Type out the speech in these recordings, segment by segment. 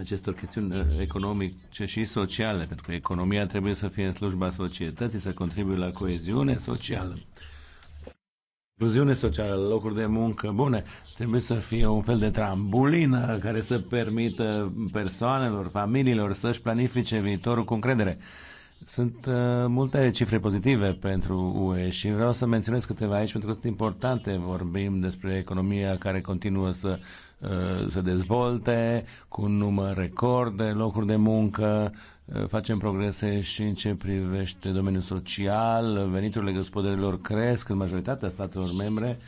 acestor chestiuni uh, economice și sociale, pentru că economia trebuie să fie în slujba societății, să contribuie la coeziune socială. Incluziune socială, locuri de muncă bune, trebuie să fie un fel de trambulină care să permită persoanelor, familiilor să-și planifice viitorul cu încredere. Sunt uh, multe cifre pozitive pentru UE și vreau să menționez câteva aici pentru că sunt importante. Vorbim despre economia care continuă să uh, se dezvolte cu un număr record de locuri de muncă, uh, facem progrese și în ce privește domeniul social, veniturile gospodărilor cresc în majoritatea statelor membre. Uh,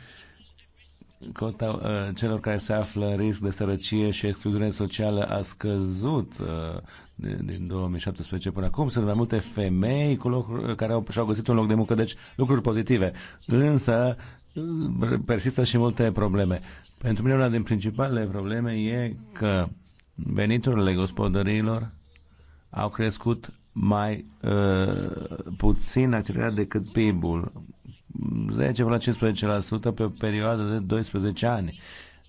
cota uh, celor care se află în risc de sărăcie și excluziune socială a scăzut uh, din, din 2017 până acum. Sunt mai multe femei cu locuri, uh, care au, și-au găsit un loc de muncă, deci lucruri pozitive. Însă uh, persistă și multe probleme. Pentru mine una din principalele probleme e că veniturile gospodăriilor au crescut mai uh, puțin accelerat decât PIB-ul 10 la 15% pe o perioadă de 12 ani.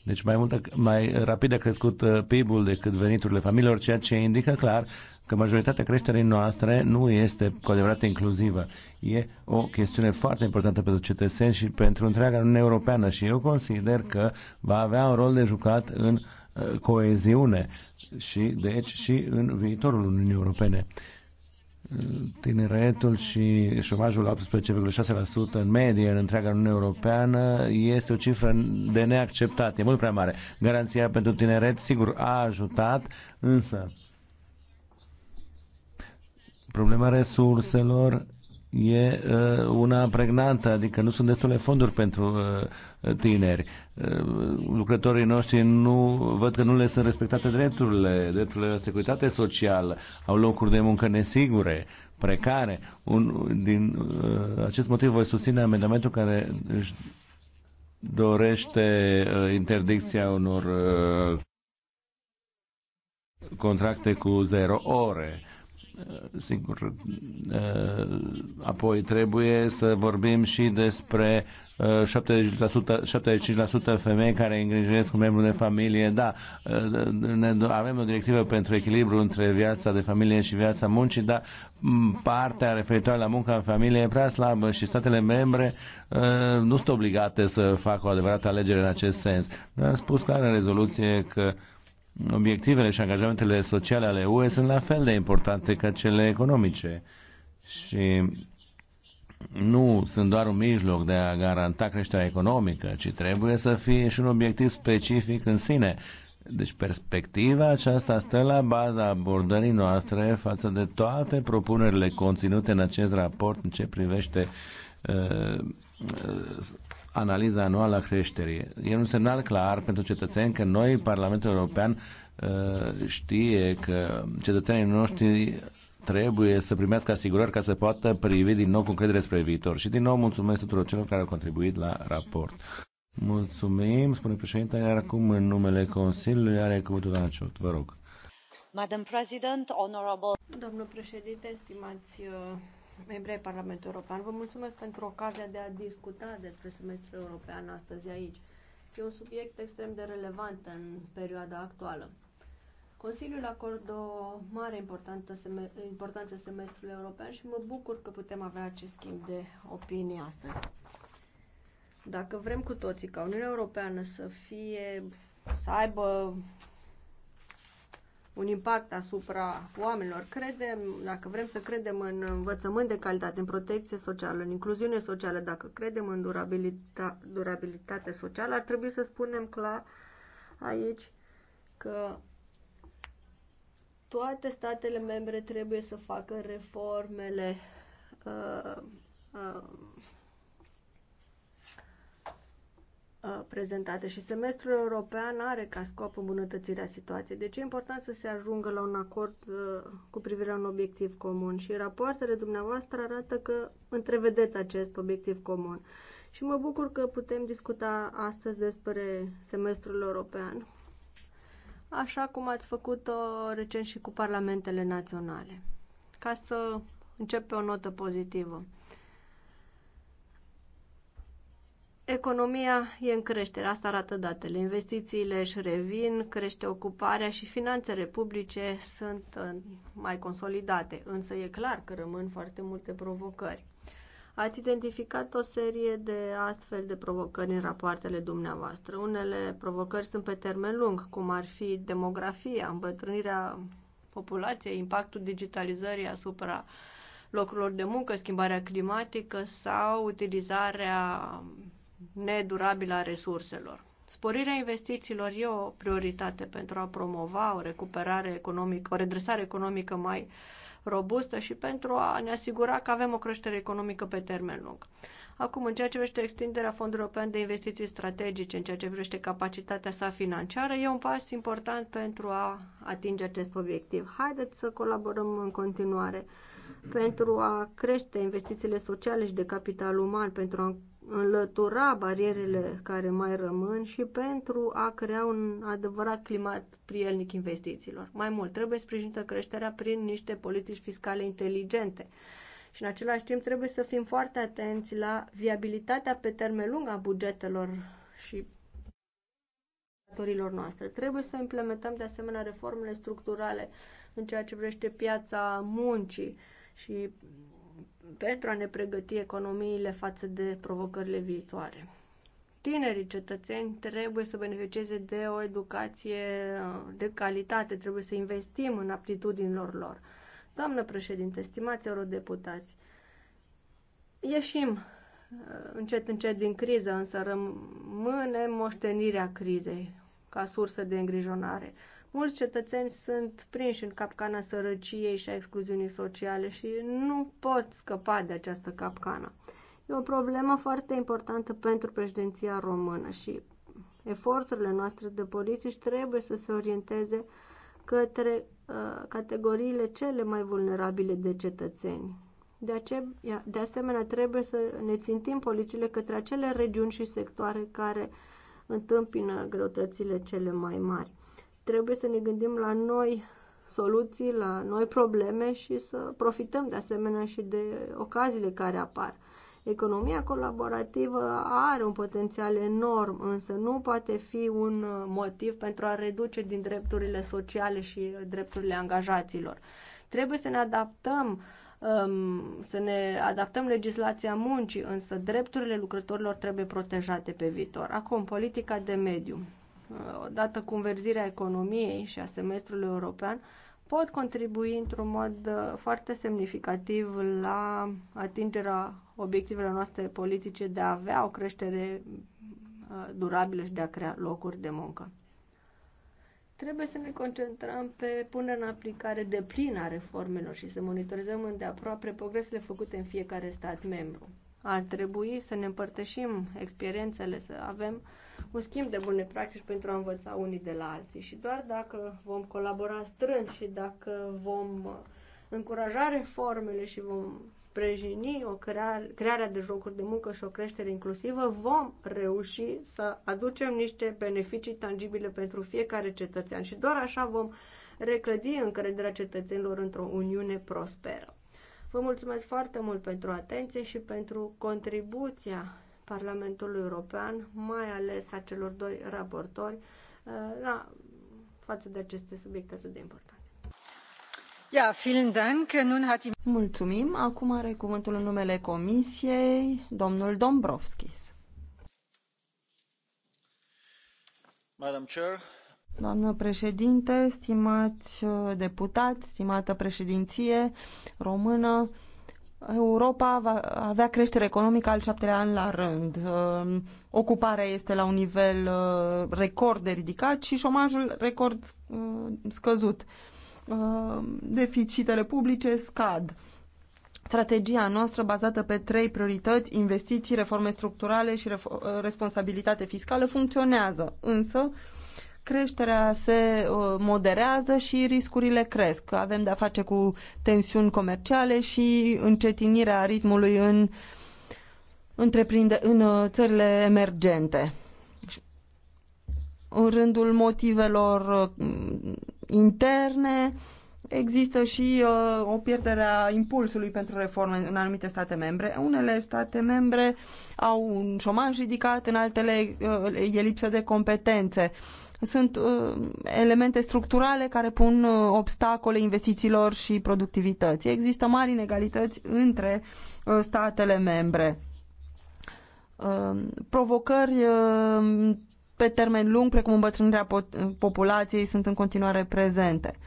Deci mai, mult, mai rapid a crescut uh, PIB-ul decât veniturile familiilor, ceea ce indică clar că majoritatea creșterii noastre nu este cu adevărat inclusivă. E o chestiune foarte importantă pentru cetățeni și pentru întreaga Uniune Europeană și eu consider că va avea un rol de jucat în uh, coeziune și deci și în viitorul Uniunii Europene tineretul și șomajul 18,6% în medie în întreaga Uniune Europeană este o cifră de neacceptat, e mult prea mare. Garanția pentru tineret, sigur, a ajutat, însă problema resurselor e uh, una pregnantă, adică nu sunt destule fonduri pentru uh, tineri. Uh, lucrătorii noștri nu văd că nu le sunt respectate drepturile, drepturile la securitate socială, au locuri de muncă nesigure, precare. Un, din acest motiv voi susține amendamentul care își dorește interdicția unor contracte cu zero ore Sigur, eh, apoi trebuie să vorbim și despre 70%, eh, 75% femei care îngrijesc un membru de familie. Da, eh, ne, avem o directivă pentru echilibru între viața de familie și viața muncii, dar partea referitoare la munca în familie e prea slabă și statele membre nu sunt obligate să facă o adevărată alegere în acest sens. am spus clar în rezoluție că obiectivele și angajamentele sociale ale UE sunt la fel de importante ca cele economice și nu sunt doar un mijloc de a garanta creșterea economică, ci trebuie să fie și un obiectiv specific în sine. Deci perspectiva aceasta stă la baza abordării noastre față de toate propunerile conținute în acest raport în ce privește uh, uh analiza anuală a creșterii. E un semnal clar pentru cetățeni că noi, Parlamentul European, uh, știe că cetățenii noștri trebuie să primească asigurări ca să poată privi din nou cu credere spre viitor. Și din nou mulțumesc tuturor celor care au contribuit la raport. Mulțumim, spune președinte, iar acum în numele Consiliului are cuvântul la început. Vă rog. Madam President, honorable... Domnul președinte, stimați uh, membrii Parlamentului European, vă mulțumesc pentru ocazia de a discuta despre semestrul european astăzi aici. E un subiect extrem de relevant în perioada actuală. Consiliul acordă o mare importanță semestrului european și mă bucur că putem avea acest schimb de opinie astăzi. Dacă vrem cu toții ca Uniunea Europeană să fie să aibă un impact asupra oamenilor. Credem, dacă vrem să credem în învățământ de calitate, în protecție socială, în incluziune socială, dacă credem în durabilita, durabilitate socială, ar trebui să spunem clar aici că toate statele membre trebuie să facă reformele uh, uh, Uh, prezentate și semestrul european are ca scop îmbunătățirea situației. Deci e important să se ajungă la un acord uh, cu privire la un obiectiv comun și rapoartele dumneavoastră arată că întrevedeți acest obiectiv comun. Și mă bucur că putem discuta astăzi despre semestrul european, așa cum ați făcut-o recent și cu parlamentele naționale, ca să încep pe o notă pozitivă. Economia e în creștere, asta arată datele. Investițiile își revin, crește ocuparea și finanțele publice sunt uh, mai consolidate, însă e clar că rămân foarte multe provocări. Ați identificat o serie de astfel de provocări în rapoartele dumneavoastră. Unele provocări sunt pe termen lung, cum ar fi demografia, îmbătrânirea populației, impactul digitalizării asupra locurilor de muncă, schimbarea climatică sau utilizarea nedurabilă a resurselor. Sporirea investițiilor e o prioritate pentru a promova o recuperare economică, o redresare economică mai robustă și pentru a ne asigura că avem o creștere economică pe termen lung. Acum, în ceea ce privește extinderea Fondului European de Investiții Strategice, în ceea ce privește capacitatea sa financiară, e un pas important pentru a atinge acest obiectiv. Haideți să colaborăm în continuare pentru a crește investițiile sociale și de capital uman, pentru a înlătura barierele care mai rămân și pentru a crea un adevărat climat prielnic investițiilor. Mai mult, trebuie sprijinită creșterea prin niște politici fiscale inteligente. Și în același timp trebuie să fim foarte atenți la viabilitatea pe termen lung a bugetelor și datorilor noastre. Trebuie să implementăm de asemenea reformele structurale în ceea ce privește piața muncii și pentru a ne pregăti economiile față de provocările viitoare. Tinerii cetățeni trebuie să beneficieze de o educație de calitate, trebuie să investim în aptitudinilor lor. Doamnă președinte, stimați eurodeputați, ieșim uh, încet încet din criză, însă rămâne moștenirea crizei ca sursă de îngrijonare. Mulți cetățeni sunt prinși în capcana sărăciei și a excluziunii sociale și nu pot scăpa de această capcană. E o problemă foarte importantă pentru președinția română și eforturile noastre de politici trebuie să se orienteze către uh, categoriile cele mai vulnerabile de cetățeni. De, ace- de asemenea, trebuie să ne țintim politicile către acele regiuni și sectoare care întâmpină greutățile cele mai mari. Trebuie să ne gândim la noi soluții, la noi probleme și să profităm de asemenea și de ocaziile care apar. Economia colaborativă are un potențial enorm, însă nu poate fi un motiv pentru a reduce din drepturile sociale și drepturile angajaților. Trebuie să ne adaptăm um, să ne adaptăm legislația muncii, însă drepturile lucrătorilor trebuie protejate pe viitor. Acum, politica de mediu odată cu înverzirea economiei și a semestrului european, pot contribui într-un mod uh, foarte semnificativ la atingerea obiectivelor noastre politice de a avea o creștere uh, durabilă și de a crea locuri de muncă. Trebuie să ne concentrăm pe punerea în aplicare de plină a reformelor și să monitorizăm îndeaproape progresele făcute în fiecare stat membru. Ar trebui să ne împărtășim experiențele, să avem uh, un schimb de bune practici pentru a învăța unii de la alții. Și doar dacă vom colabora strâns și dacă vom uh, încuraja reformele și vom sprijini o creare, crearea de jocuri de muncă și o creștere inclusivă, vom reuși să aducem niște beneficii tangibile pentru fiecare cetățean și doar așa vom reclădi încrederea cetățenilor într-o uniune prosperă. Vă mulțumesc foarte mult pentru atenție și pentru contribuția Parlamentului European, mai ales a celor doi raportori, eh, la, față de aceste subiecte atât de importante. Ja, vielen Dank. Nun hat die... Mulțumim. Acum are cuvântul în numele Comisiei domnul Dombrovskis. Madam Chair, Doamnă președinte, stimați eh, deputați, stimată președinție română, Europa va avea creștere economică al șaptelea an la rând. Uh, ocuparea este la un nivel uh, record de ridicat și șomajul record uh, scăzut. Deficitele publice scad. Strategia noastră bazată pe trei priorități, investiții, reforme structurale și responsabilitate fiscală funcționează, însă creșterea se uh, moderează și riscurile cresc. Avem de-a face cu tensiuni comerciale și încetinirea ritmului în, întreprinde, în uh, țările emergente. În rândul motivelor uh, interne există și o pierdere a impulsului pentru reforme în anumite state membre. Unele state membre au un șomaj ridicat, în altele e lipsă de competențe sunt uh, elemente structurale care pun uh, obstacole investițiilor și productivității. Există mari inegalități între uh, statele membre. Uh, provocări uh, pe termen lung, precum îmbătrânirea uh, populației, sunt în continuare prezente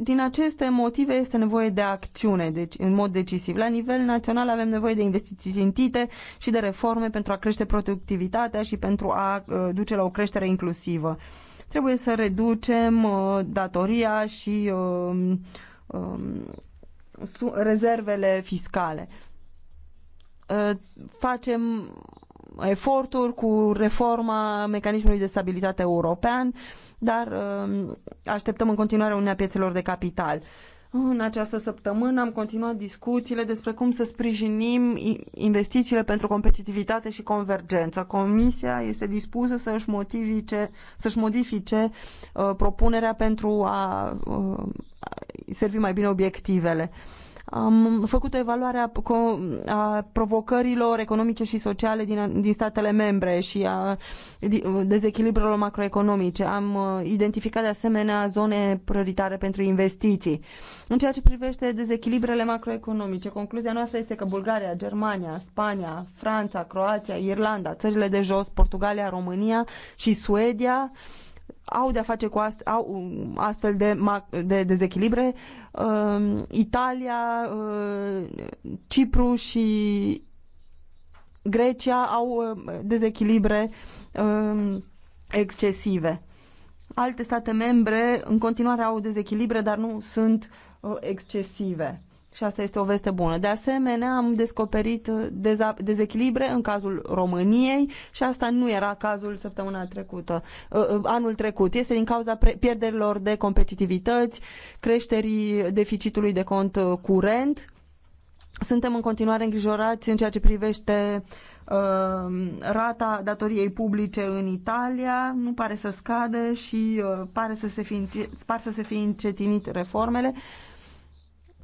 din aceste motive este nevoie de acțiune, deci în mod decisiv. La nivel național avem nevoie de investiții țintite și de reforme pentru a crește productivitatea și pentru a uh, duce la o creștere inclusivă. Trebuie să reducem uh, datoria și uh, uh, rezervele fiscale. Uh, facem eforturi cu reforma mecanismului de stabilitate european uh, dar um, așteptăm în continuare Uniunea Piețelor de Capital. În această săptămână am continuat discuțiile despre cum să sprijinim investițiile pentru competitivitate și convergență. Comisia este dispusă să și motivice, să modifice uh, propunerea pentru a uh, servi mai bine obiectivele. Uh, am făcut o evaluare a, a provocărilor economice și sociale din, din statele membre și a dezechilibrelor macroeconomice. Am uh, identificat de asemenea zone prioritare pentru investiții. În ceea ce privește dezechilibrele macroeconomice, concluzia noastră este că Bulgaria, Germania, Spania, Franța, Croația, Irlanda, țările de jos, Portugalia, România și Suedia au de-a face cu ast- au um, astfel de, de dezechilibre uh, Italia, uh, Cipru și Grecia au uh, dezechilibre uh, excesive. Alte state membre în continuare au dezechilibre, dar nu sunt uh, excesive și asta este o veste bună. De asemenea, am descoperit uh, dezechilibre în cazul României și asta nu era cazul săptămâna trecută, uh, uh, anul trecut. Este din cauza pierderilor de competitivități, creșterii deficitului de cont curent. Suntem în continuare îngrijorați în ceea ce privește uh, rata datoriei publice în Italia, nu pare să scadă și uh, pare să se fi, par să se fi încetinit reformele. Uh,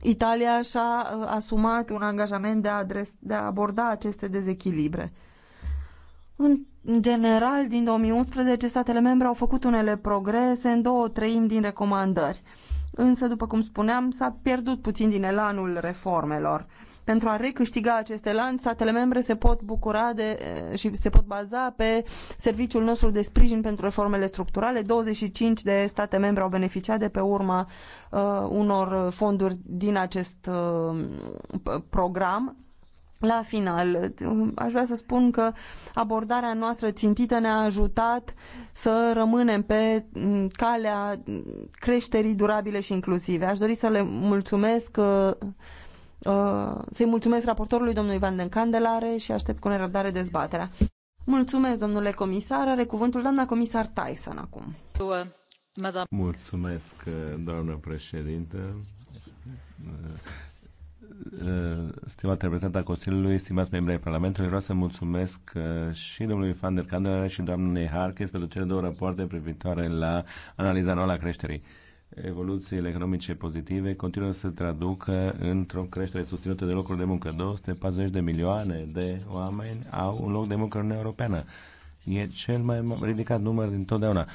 Italia și-a uh, asumat un angajament de a, adres, de a aborda aceste dezechilibre. În general, din 2011, statele membre au făcut unele progrese în două treimi din recomandări. Însă, după cum spuneam, s-a pierdut puțin din elanul reformelor. Pentru a recâștiga aceste lanț, statele membre se pot bucura de, și se pot baza pe serviciul nostru de sprijin pentru reformele structurale. 25 de state membre au beneficiat de pe urma uh, unor fonduri din acest uh, program. La final, aș vrea să spun că abordarea noastră țintită ne-a ajutat să rămânem pe calea creșterii durabile și inclusive. Aș dori să le mulțumesc Uh, să-i mulțumesc raportorului domnului Van den Candelare și aștept cu nerăbdare dezbaterea. Mulțumesc, domnule comisar. Are cuvântul doamna comisar Tyson acum. Mulțumesc, doamnă președinte. Uh, uh, Stimat reprezentant al Consiliului, stimați membri ai Parlamentului, vreau să mulțumesc și domnului Van der Candelare și doamnei Harkins pentru cele două rapoarte privitoare la analiza anuală a creșterii evoluțiile economice pozitive continuă să se traducă într-o creștere susținută de locuri de muncă. 240 de milioane de oameni au un loc de muncă în Europeană. E cel mai ridicat număr din totdeauna.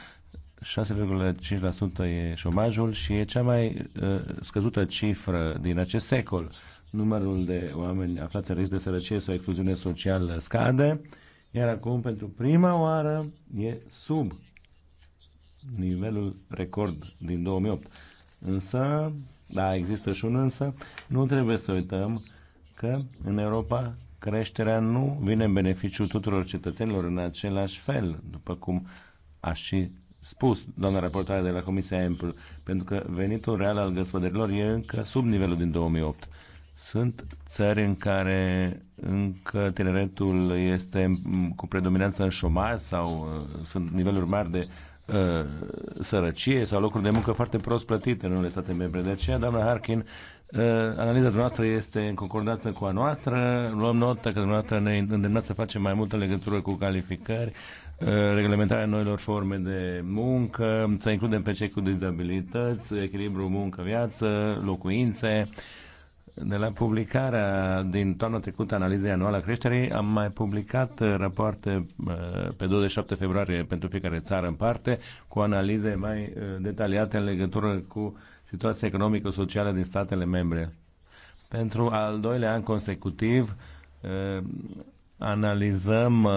6,5% e șomajul și e cea mai uh, scăzută cifră din acest secol. Numărul de oameni aflați în risc de sărăcie sau excluziune socială scade, iar acum, pentru prima oară, e sub nivelul record din 2008. Însă, da, există și un însă, nu trebuie să uităm că în Europa creșterea nu vine în beneficiul tuturor cetățenilor în același fel, după cum a și spus doamna raportare de la Comisia Ample, pentru că venitul real al gospodărilor e încă sub nivelul din 2008. Sunt țări în care încă tineretul este cu predominanță în șomaj sau uh, sunt niveluri mari de Uh, sărăcie sau locuri de muncă foarte prost plătite în unele state membre. De aceea, doamna Harkin, uh, analiza noastră este în concordanță cu a noastră. Luăm notă că dumneavoastră ne îndemnați să facem mai multă legătură cu calificări, uh, reglementarea noilor forme de muncă, să includem pe cei cu dizabilități, echilibru muncă-viață, locuințe, de la publicarea din toamna trecută analizei anuală a creșterii, am mai publicat uh, rapoarte uh, pe 27 februarie pentru fiecare țară în parte, cu analize mai uh, detaliate în legătură cu situația economică-socială din statele membre. Pentru al doilea an consecutiv, analizăm uh,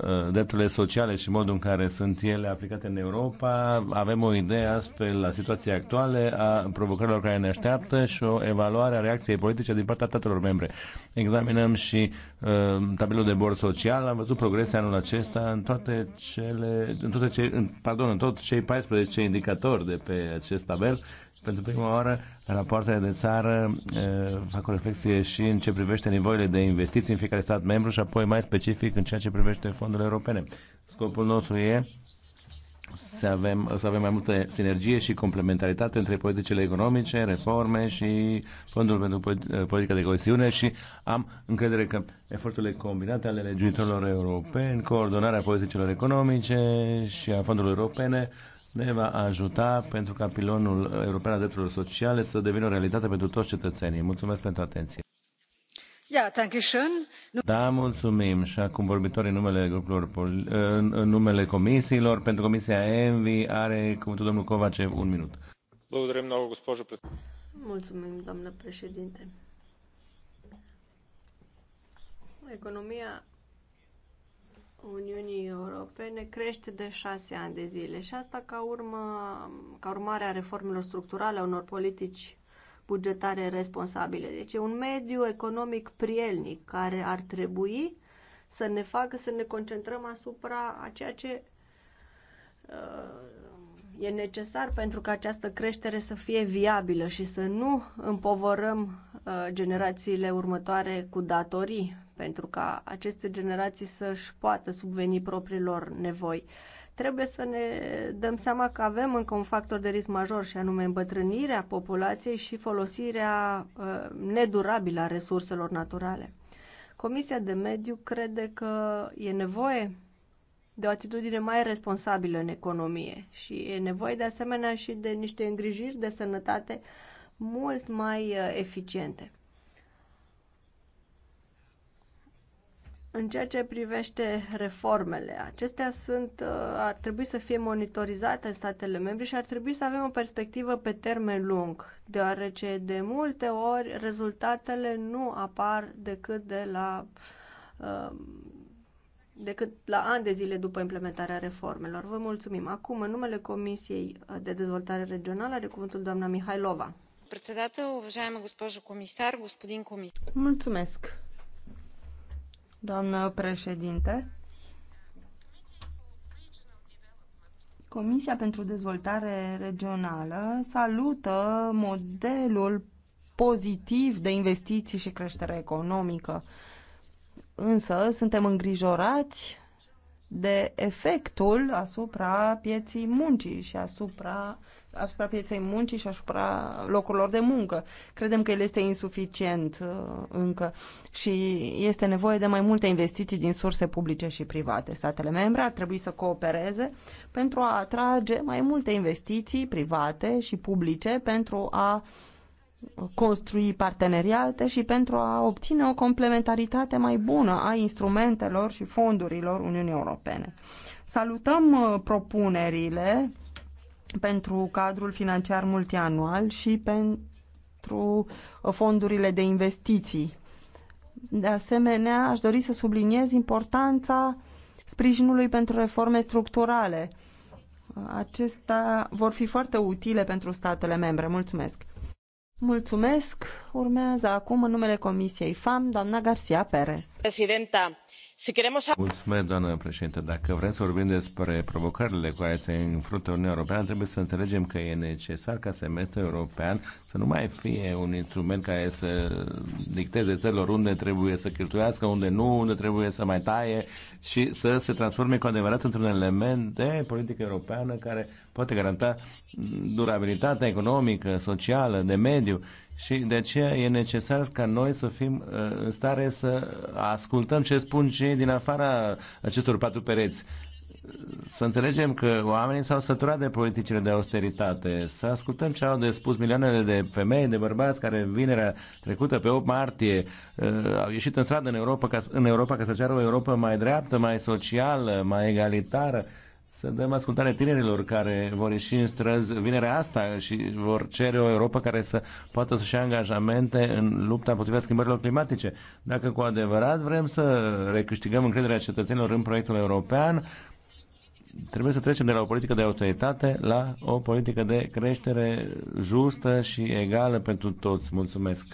uh, drepturile sociale și modul în care sunt ele aplicate în Europa, avem o idee astfel la situația actuală a provocărilor care ne așteaptă și o evaluare a reacției politice din partea statelor membre. Examinăm și uh, tabelul de bord social, am văzut progrese anul acesta în toate cele, în toate cei, în, pardon, în tot cei 14 indicatori de pe acest tabel pentru prima oară, rapoartele de țară fac o reflexie și în ce privește nivoile de investiții în fiecare stat membru și apoi mai specific în ceea ce privește fondurile europene. Scopul nostru e să avem, să avem mai multă sinergie și complementaritate între politicile economice, reforme și fondul pentru politica de coesiune și am încredere că eforturile combinate ale legiuitorilor europeni, coordonarea politicilor economice și a fondurilor europene ne va ajuta pentru ca pilonul european al drepturilor sociale să devină o realitate pentru toți cetățenii. Mulțumesc pentru atenție. Da, mulțumim. Și acum vorbitorii numele grupurilor, în numele comisiilor, pentru Comisia ENVI are cuvântul domnul Covace un minut. Mulțumim, doamnă președinte. Economia Uniunii Europene crește de șase ani de zile și asta ca, urmă, ca urmare a reformelor structurale, a unor politici bugetare responsabile. Deci e un mediu economic prielnic care ar trebui să ne facă să ne concentrăm asupra a ceea ce uh, e necesar pentru ca această creștere să fie viabilă și să nu împovărăm uh, generațiile următoare cu datorii pentru ca aceste generații să-și poată subveni propriilor nevoi. Trebuie să ne dăm seama că avem încă un factor de risc major și anume îmbătrânirea populației și folosirea uh, nedurabilă a resurselor naturale. Comisia de Mediu crede că e nevoie de o atitudine mai responsabilă în economie și e nevoie de asemenea și de niște îngrijiri de sănătate mult mai uh, eficiente. În ceea ce privește reformele, acestea sunt, uh, ar trebui să fie monitorizate în statele membre și ar trebui să avem o perspectivă pe termen lung, deoarece de multe ori rezultatele nu apar decât de la uh, decât la ani de zile după implementarea reformelor. Vă mulțumim. Acum, în numele Comisiei de Dezvoltare Regională, are cuvântul doamna Mihailova. Председател, уважаема госпожо комисар, господин комисар. Mulțumesc. Doamnă președinte, Comisia pentru Dezvoltare Regională salută modelul pozitiv de investiții și creștere economică. Însă suntem îngrijorați de efectul asupra pieții muncii și asupra, asupra pieței muncii și asupra locurilor de muncă. Credem că el este insuficient uh, încă și este nevoie de mai multe investiții din surse publice și private. Statele membre ar trebui să coopereze pentru a atrage mai multe investiții private și publice pentru a uh, construi parteneriate și pentru a obține o complementaritate mai bună a instrumentelor și fondurilor Uniunii Europene. Salutăm uh, propunerile pentru cadrul financiar multianual și pentru uh, fondurile de investiții. De asemenea, aș dori să subliniez importanța sprijinului pentru reforme structurale. Acestea vor fi foarte utile pentru statele membre. Mulțumesc! Mulțumesc. Urmează acum în numele Comisiei FAM, doamna Garcia Perez. si queremos... Mulțumesc, doamnă președinte. Dacă vrem să vorbim despre provocările cu care se înfruntă Uniunea Europeană, trebuie să înțelegem că e necesar ca semestrul european să nu mai fie un instrument care să dicteze țărilor unde trebuie să cheltuiască, unde nu, unde trebuie să mai taie și să se transforme cu adevărat într-un element de politică europeană care poate garanta durabilitatea economică, socială, de mediu și de aceea e necesar ca noi să fim uh, în stare să ascultăm ce spun cei din afara acestor patru pereți. Să înțelegem că oamenii s-au săturat de politicile de austeritate, să ascultăm ce au de spus milioanele de femei, de bărbați care vinerea trecută pe 8 martie uh, au ieșit în stradă în Europa, ca, în Europa ca să ceară o Europa mai dreaptă, mai socială, mai egalitară să dăm ascultare tinerilor care vor ieși în străzi vinerea asta și vor cere o Europa care să poată să-și ia angajamente în lupta împotriva schimbărilor climatice. Dacă cu adevărat vrem să recâștigăm încrederea cetățenilor în proiectul european, trebuie să trecem de la o politică de austeritate la o politică de creștere justă și egală pentru toți. Mulțumesc!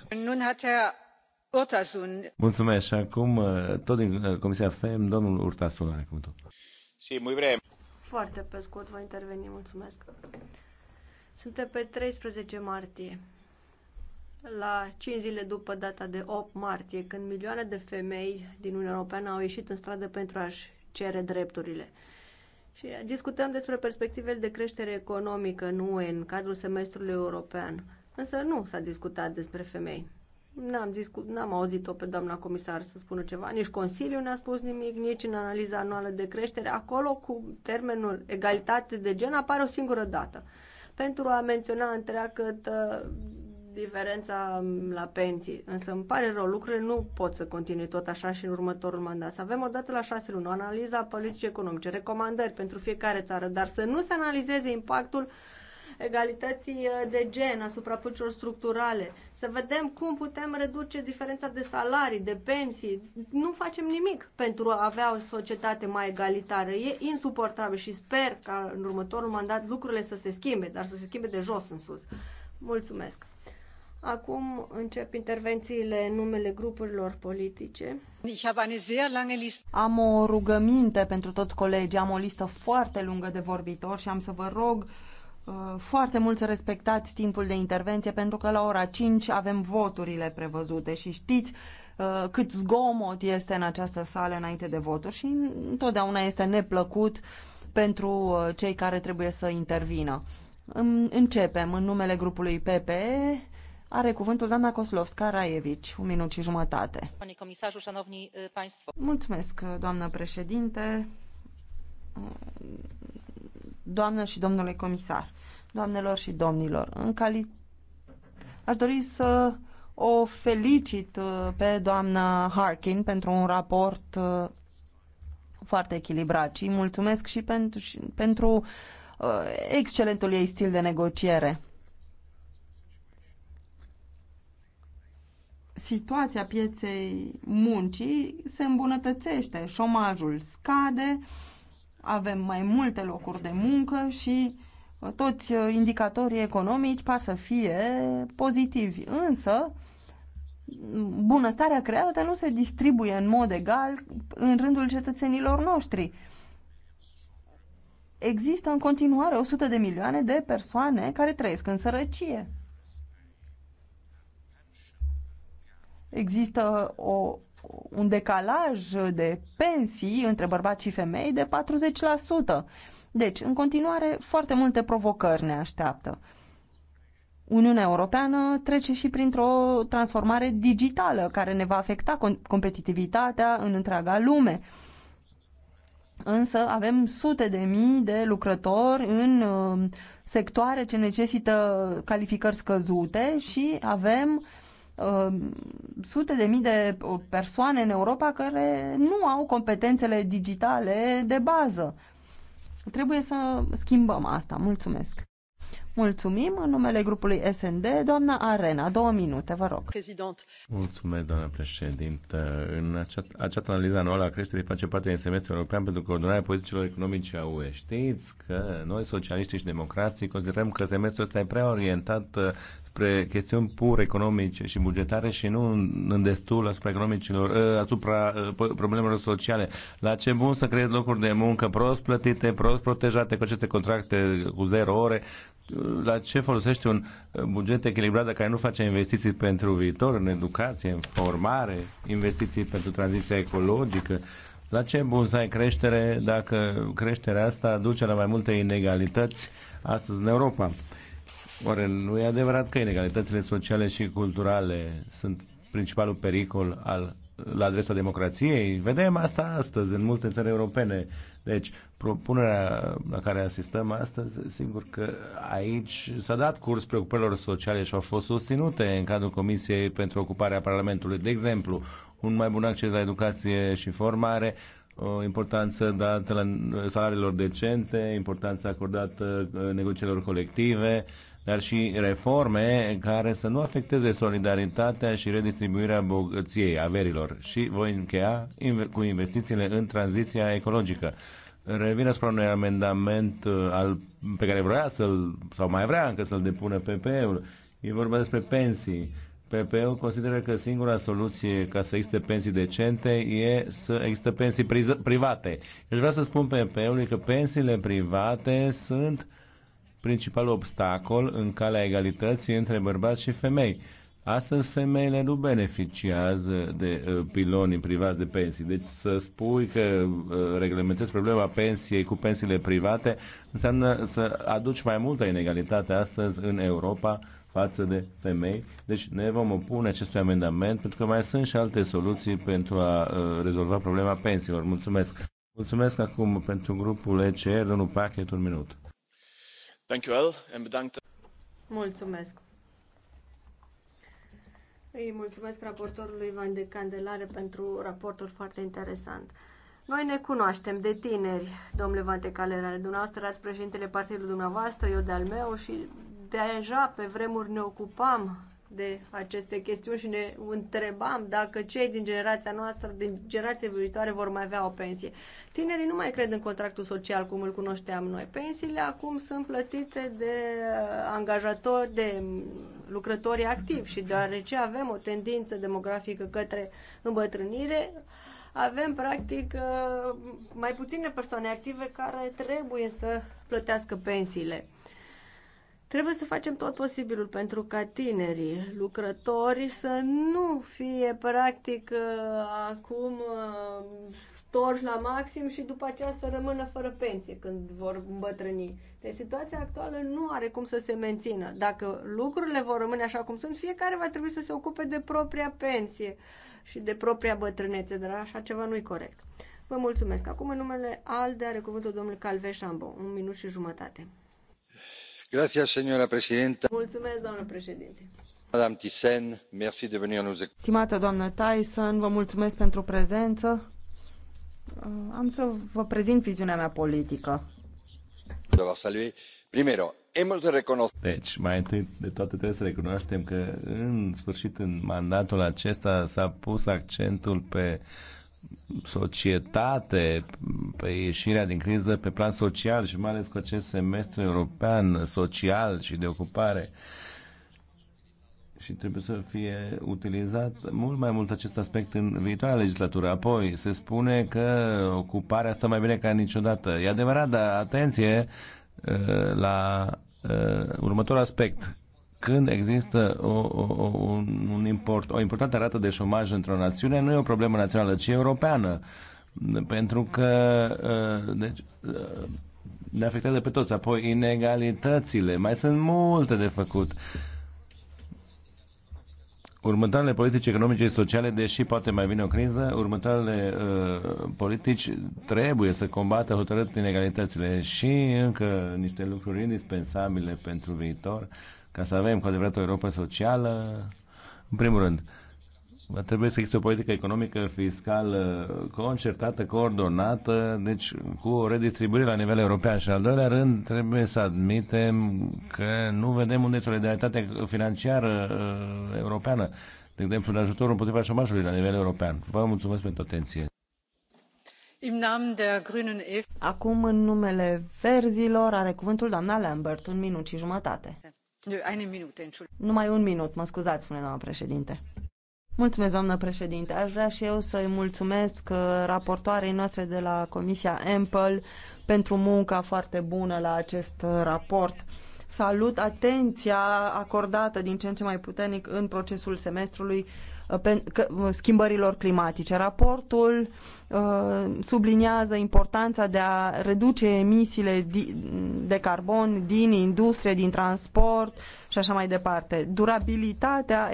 Mulțumesc și acum uh, tot din uh, Comisia FEM, domnul Urtasun are cuvântul. Sí, muy breve. Foarte pe scurt voi interveni, mulțumesc. Suntem pe 13 martie, la 5 zile după data de 8 martie, când milioane de femei din Uniunea Europeană au ieșit în stradă pentru a-și cere drepturile. Și discutăm despre perspectivele de creștere economică nu în cadrul semestrului european. Însă nu s-a discutat despre femei. N-am, discut, n-am auzit-o pe doamna comisar să spună ceva, nici Consiliul n-a spus nimic, nici în analiza anuală de creștere. Acolo, cu termenul egalitate de gen, apare o singură dată. Pentru a menționa întreagă uh, diferența um, la pensii. Însă îmi pare rău, lucrurile nu pot să continue tot așa și în următorul mandat. Să avem o dată la șase luni o analiză a politicii economice, recomandări pentru fiecare țară, dar să nu se analizeze impactul egalității uh, de gen asupra politicilor structurale, să vedem cum putem reduce diferența de salarii, de pensii. Nu facem nimic pentru a avea o societate mai egalitară. E insuportabil și sper ca în următorul mandat lucrurile să se schimbe, dar să se schimbe de jos în sus. Mulțumesc! Acum încep intervențiile în numele grupurilor politice. Am o rugăminte pentru toți colegii, am o listă foarte lungă de vorbitori și am să vă rog Uh, foarte mult să respectați timpul de intervenție pentru că la ora 5 avem voturile prevăzute și știți uh, cât zgomot este în această sală înainte de voturi și întotdeauna este neplăcut pentru uh, cei care trebuie să intervină. Începem în numele grupului PPE. Are cuvântul doamna Koslovska Raievici, un minut și jumătate. Mulțumesc, doamnă președinte, doamnă și domnule comisar doamnelor și domnilor. În cali... Aș dori să o felicit uh, pe doamna Harkin pentru un raport uh, foarte echilibrat și mulțumesc și pentru, și pentru uh, excelentul ei stil de negociere. Situația pieței muncii se îmbunătățește, șomajul scade, avem mai multe locuri de muncă și uh, toți uh, indicatorii economici par să fie pozitivi, însă bunăstarea creată nu se distribuie în mod egal în rândul cetățenilor noștri. Există în continuare 100 de milioane de persoane care trăiesc în sărăcie. Există o, un decalaj de pensii între bărbați și femei de 40%. Deci, în continuare, foarte multe provocări ne așteaptă. Uniunea Europeană trece și printr-o transformare digitală care ne va afecta competitivitatea în întreaga lume. Însă avem sute de mii de lucrători în uh, sectoare ce necesită calificări scăzute și avem uh, sute de mii de persoane în Europa care nu au competențele digitale de bază Trebuie să schimbăm asta. Mulțumesc. Mulțumim. În numele grupului SND, doamna Arena, două minute, vă rog. President. Mulțumesc, doamna președintă. În această, această analiză anuală a creșterii face parte din semestrul european pentru coordonarea politicilor economice a UE. Știți că noi, socialiștii și democrații, considerăm că semestrul ăsta e prea orientat spre chestiuni pur economice și bugetare și nu în destul asupra economicilor, ă, asupra ă, problemelor sociale. La ce bun să creezi locuri de muncă prost plătite, prost protejate cu aceste contracte cu zero ore, la ce folosește un ă, buget echilibrat dacă nu face investiții pentru viitor, în educație, în formare, investiții pentru tranziția ecologică, la ce bun să ai creștere dacă creșterea asta duce la mai multe inegalități astăzi în Europa? Oare nu e adevărat că inegalitățile sociale și culturale sunt principalul pericol al, la adresa democrației? Vedem asta astăzi în multe țări europene. Deci, propunerea la care asistăm astăzi, sigur că aici s-a dat curs preocupărilor sociale și au fost susținute în cadrul Comisiei pentru Ocuparea Parlamentului. De exemplu, un mai bun acces la educație și formare, o importanță dată la salariilor decente, importanță acordată uh, negocierilor colective, dar și reforme care să nu afecteze solidaritatea și redistribuirea bogăției, averilor. Și voi încheia cu investițiile în tranziția ecologică. Revin asupra unui amendament uh, al, pe care vrea să-l, sau mai vrea încă să-l depună PP-ul. E vorba despre pensii. PP-ul consideră că singura soluție ca să existe pensii decente e să există pensii private. Deci vreau să spun PPU-ului că pensiile private sunt uh, principalul obstacol în calea egalității între bărbați și femei. Astăzi femeile nu beneficiază de uh, pilonii privați de pensii. Deci să spui că uh, reglementezi problema pensiei cu pensiile private înseamnă să aduci mai multă inegalitate astăzi în Europa față de femei. Deci ne vom opune acestui amendament pentru că mai sunt și alte soluții pentru a uh, rezolva problema pensiilor. Mulțumesc! Mulțumesc acum pentru grupul ECR, domnul Pachet, un minut. Mulțumesc. Îi mulțumesc raportorului Ivan de Candelare pentru raportul foarte interesant. Noi ne cunoaștem de tineri, domnule Van de Candelare. Dumneavoastră erați președintele partidului dumneavoastră, eu de-al meu și deja pe vremuri ne ocupam de aceste chestiuni și ne întrebam dacă cei din generația noastră, din generația viitoare, vor mai avea o pensie. Tinerii nu mai cred în contractul social cum îl cunoșteam noi. Pensiile acum sunt plătite de uh, angajatori, de lucrători activi și deoarece avem o tendință demografică către îmbătrânire, avem practic uh, mai puține persoane active care trebuie să plătească pensiile. Trebuie să facem tot posibilul pentru ca tinerii lucrători să nu fie practic uh, acum uh, storși la maxim și după aceea să rămână fără pensie când vor îmbătrâni. Deci situația actuală nu are cum să se mențină. Dacă lucrurile vor rămâne așa cum sunt, fiecare va trebui să se ocupe de propria pensie și de propria bătrânețe, dar așa ceva nu-i corect. Vă mulțumesc. Acum în numele ALDE are cuvântul domnul Calveșambo. Un minut și jumătate. Mulțumesc, doamnă președinte. doamnă Thyssen, mulțumesc de venir nous Stimată doamnă Tyson, vă mulțumesc pentru prezență. Uh, am să vă prezint viziunea mea politică. Deci, mai întâi de toate trebuie să recunoaștem că în sfârșit în mandatul acesta s-a pus accentul pe societate, pe ieșirea din criză pe plan social și mai ales cu acest semestru european social și de ocupare. Și trebuie să fie utilizat mult mai mult acest aspect în viitoarea legislatură. Apoi, se spune că ocuparea asta mai bine ca niciodată. E adevărat, dar atenție uh, la uh, următorul aspect când există o, o, un, un import, o importantă rată de șomaj într-o națiune, nu e o problemă națională, ci europeană. Pentru că uh, deci, uh, ne afectează pe toți. Apoi inegalitățile. Mai sunt multe de făcut. Următoarele politici economice și sociale, deși poate mai vine o criză, următoarele uh, politici trebuie să combată hotărât inegalitățile și încă niște lucruri indispensabile pentru viitor. Uh, ca să avem cu adevărat o Europa socială, în primul rând, trebuie să existe o politică economică, fiscală, concertată, coordonată, deci cu o redistribuire la nivel european. Și al doilea rând, trebuie să admitem că nu vedem unde solidaritatea financiară uh, europeană, de exemplu, în ajutorul împotriva șomajului la nivel european. Vă mulțumesc pentru atenție. Acum, în numele verzilor, are cuvântul doamna Lambert, un minut și jumătate. Numai un minut, mă scuzați, spune doamna președinte. Mulțumesc, doamnă președinte. Aș vrea și eu să-i mulțumesc uh, raportoarei noastre de la Comisia Ample pentru munca foarte bună la acest uh, raport. Salut atenția acordată din ce în ce mai puternic în procesul semestrului Uh, uh, schimbărilor climatice. Raportul uh, subliniază importanța de a reduce emisiile de carbon din industrie, din transport și așa mai departe. Durabilitatea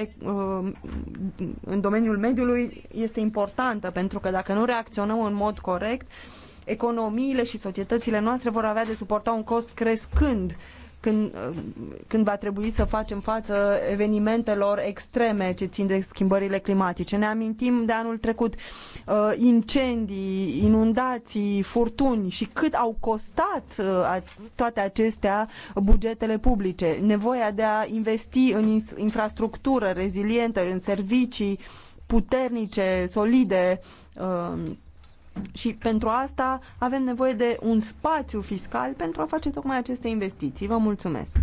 în domeniul mediului este importantă pentru că dacă nu reacționăm în mod corect, economiile și societățile noastre vor avea de suporta un cost crescând uh, când, când va trebui să facem față evenimentelor extreme ce țin de schimbările climatice. Ne amintim de anul trecut uh, incendii, inundații, furtuni și cât au costat uh, toate acestea bugetele publice. Nevoia de a investi în infrastructură rezilientă, în servicii puternice, solide, uh, și pentru asta avem nevoie de un spațiu fiscal pentru a face tocmai aceste investiții. Vă mulțumesc!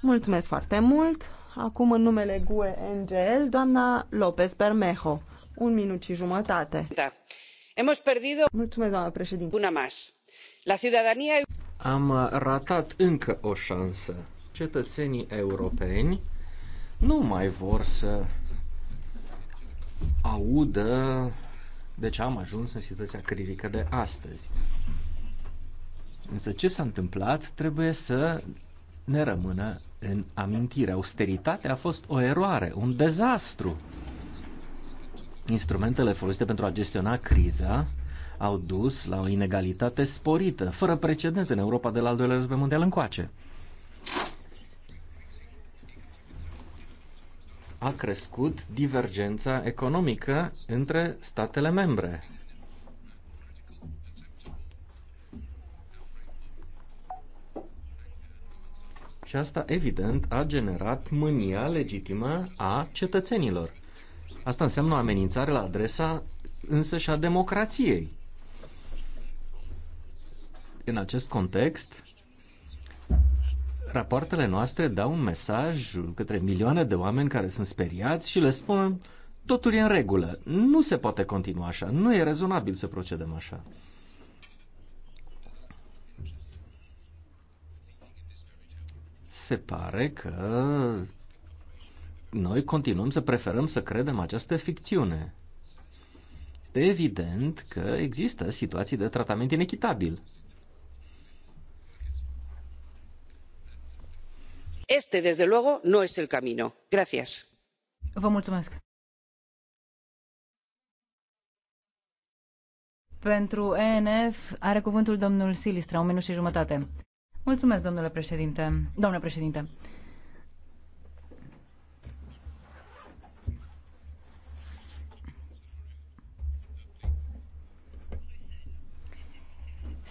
Mulțumesc foarte mult! Acum în numele GUE NGL, doamna López Bermejo. Un minut și jumătate. Da. Hemos perdido... Mulțumesc, doamna președinte. Una mas. La ciudadanía... Am ratat încă o șansă. Cetățenii europeni nu mai vor să audă deci am ajuns în situația critică de astăzi. Însă ce s-a întâmplat trebuie să ne rămână în amintire. Austeritatea a fost o eroare, un dezastru. Instrumentele folosite pentru a gestiona criza au dus la o inegalitate sporită, fără precedent în Europa de la al doilea război mondial încoace. a crescut divergența economică între statele membre. Și asta, evident, a generat mânia legitimă a cetățenilor. Asta înseamnă o amenințare la adresa însă și a democrației. În acest context, rapoartele noastre dau un mesaj către milioane de oameni care sunt speriați și le spun totul e în regulă, nu se poate continua așa, nu e rezonabil să procedăm așa. Se pare că noi continuăm să preferăm să credem această ficțiune. Este evident că există situații de tratament inechitabil. este desde luego no es el camino. Pentru ENF are cuvântul domnul Silistra, jumătate. Mulțumesc, domnule președinte. Doamnă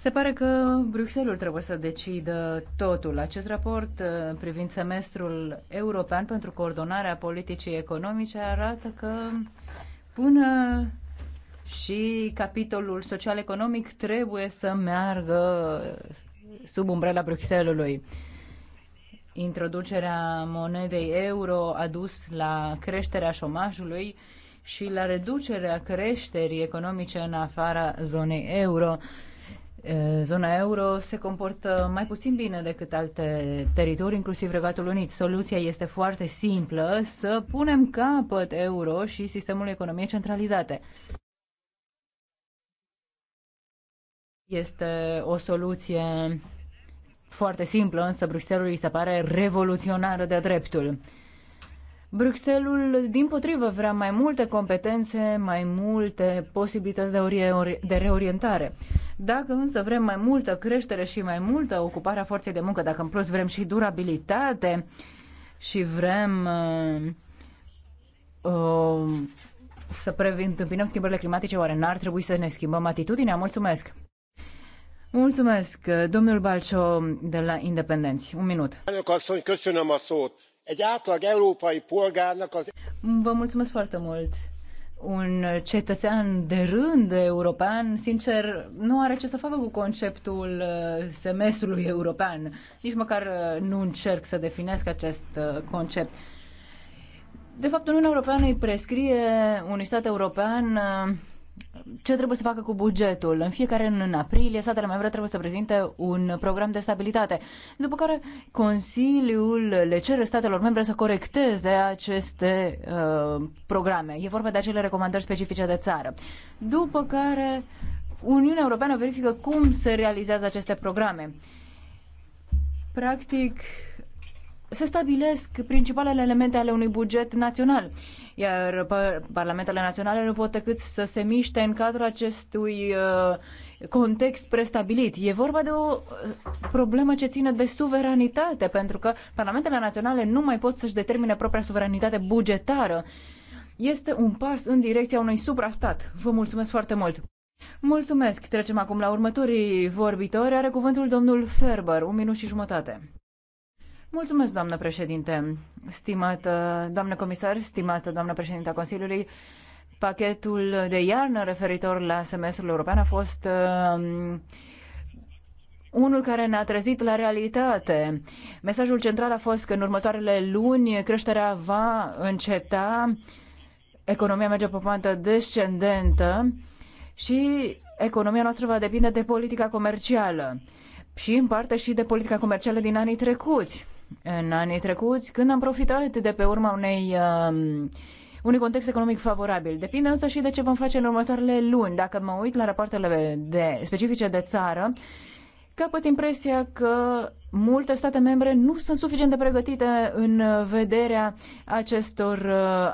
Se pare că Bruxelles trebuie să decidă totul. Acest raport uh, privind semestrul european pentru coordonarea politicii economice arată că până și capitolul social-economic trebuie să meargă sub umbrela Bruxellesului. Introducerea monedei euro a dus la creșterea șomajului și la reducerea creșterii economice în afara zonei euro zona euro se comportă mai puțin bine decât alte teritorii, inclusiv Regatul Unit. Soluția este foarte simplă, să punem capăt euro și sistemul economiei centralizate. Este o soluție foarte simplă, însă Bruxelles se pare revoluționară de a dreptul. Bruxelles, din potrivă, vrea mai multe competențe, mai multe posibilități de, reorientare. Dacă însă vrem mai multă creștere și mai multă ocupare a forței de muncă, dacă în plus vrem și durabilitate și vrem uh, uh, să preventăm schimbările climatice, oare n-ar trebui să ne schimbăm atitudinea? Mulțumesc! Mulțumesc, domnul Balcio de la Independenți. Un minut egy átlag európai polgárnak az... Vă mulțumesc foarte mult! Un cetățean de rând european, sincer, nu are ce să facă cu conceptul uh, semestrului european. Nici măcar uh, nu încerc să definesc acest uh, concept. De fapt, Uniunea Europeană îi prescrie unui stat european ce trebuie să facă cu bugetul. În fiecare lună în aprilie, statele membre trebuie să prezinte un program de stabilitate, după care Consiliul le cere statelor membre să corecteze aceste uh, programe. E vorba de acele recomandări specifice de țară. După care Uniunea Europeană verifică cum se realizează aceste programe. Practic, se stabilesc principalele elemente ale unui buget național, iar parlamentele naționale nu pot decât să se miște în cadrul acestui uh, context prestabilit. E vorba de o uh, problemă ce ține de suveranitate, pentru că parlamentele naționale nu mai pot să-și determine propria suveranitate bugetară. Este un pas în direcția unui suprastat. Vă mulțumesc foarte mult! Mulțumesc! Trecem acum la următorii vorbitori. Are cuvântul domnul Ferber, un minut și jumătate. Mulțumesc, doamnă președinte, stimată doamnă comisar, stimată doamnă președinte a Consiliului. Pachetul de iarnă referitor la semestrul european a fost uh, unul care ne-a trezit la realitate. Mesajul central a fost că în următoarele luni creșterea va înceta, economia merge pe pantă descendentă și economia noastră va depinde de politica comercială și în parte și de politica comercială din anii trecuți în anii trecuți, când am profitat de pe urma unei, um, unui context economic favorabil. Depinde însă și de ce vom face în următoarele luni. Dacă mă uit la rapoartele de, specifice de țară, capăt impresia că multe state membre nu sunt suficient de pregătite în vederea acestor uh,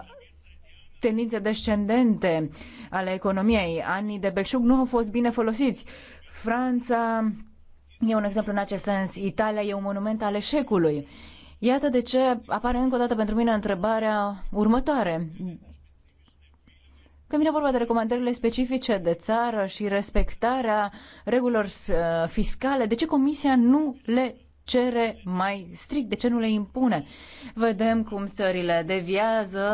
tendințe descendente ale economiei. Anii de belșug nu au fost bine folosiți. Franța E un exemplu în acest sens. Italia e un monument al eșecului. Iată de ce apare încă o dată pentru mine întrebarea următoare. Când vine vorba de recomandările specifice de țară și respectarea regulilor uh, fiscale, de ce Comisia nu le cere mai strict, de ce nu le impune. Vedem cum țările deviază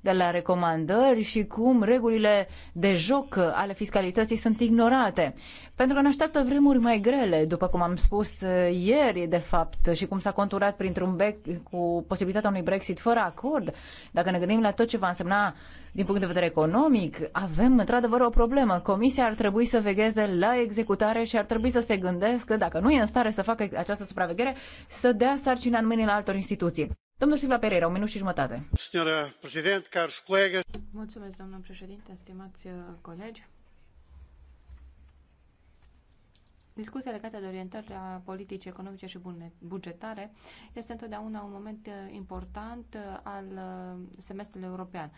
de la recomandări și cum regulile de joc ale fiscalității sunt ignorate. Pentru că ne așteaptă vremuri mai grele, după cum am spus ieri, de fapt, și cum s-a conturat printr-un bec cu posibilitatea unui Brexit fără acord. Dacă ne gândim la tot ce va însemna din punct de vedere economic, avem într-adevăr o problemă. Comisia ar trebui să vegheze la executare și ar trebui să se gândească, dacă nu e în stare să facă această supraveghere, să dea sarcina în mâinile altor instituții. Domnul Silva Pereira, un minut și jumătate. colegi. Mulțumesc, domnul președinte, stimați uh, colegi. Discuția legată de orientarea politice, economice și bugetare este întotdeauna un moment uh, important uh, al semestrului european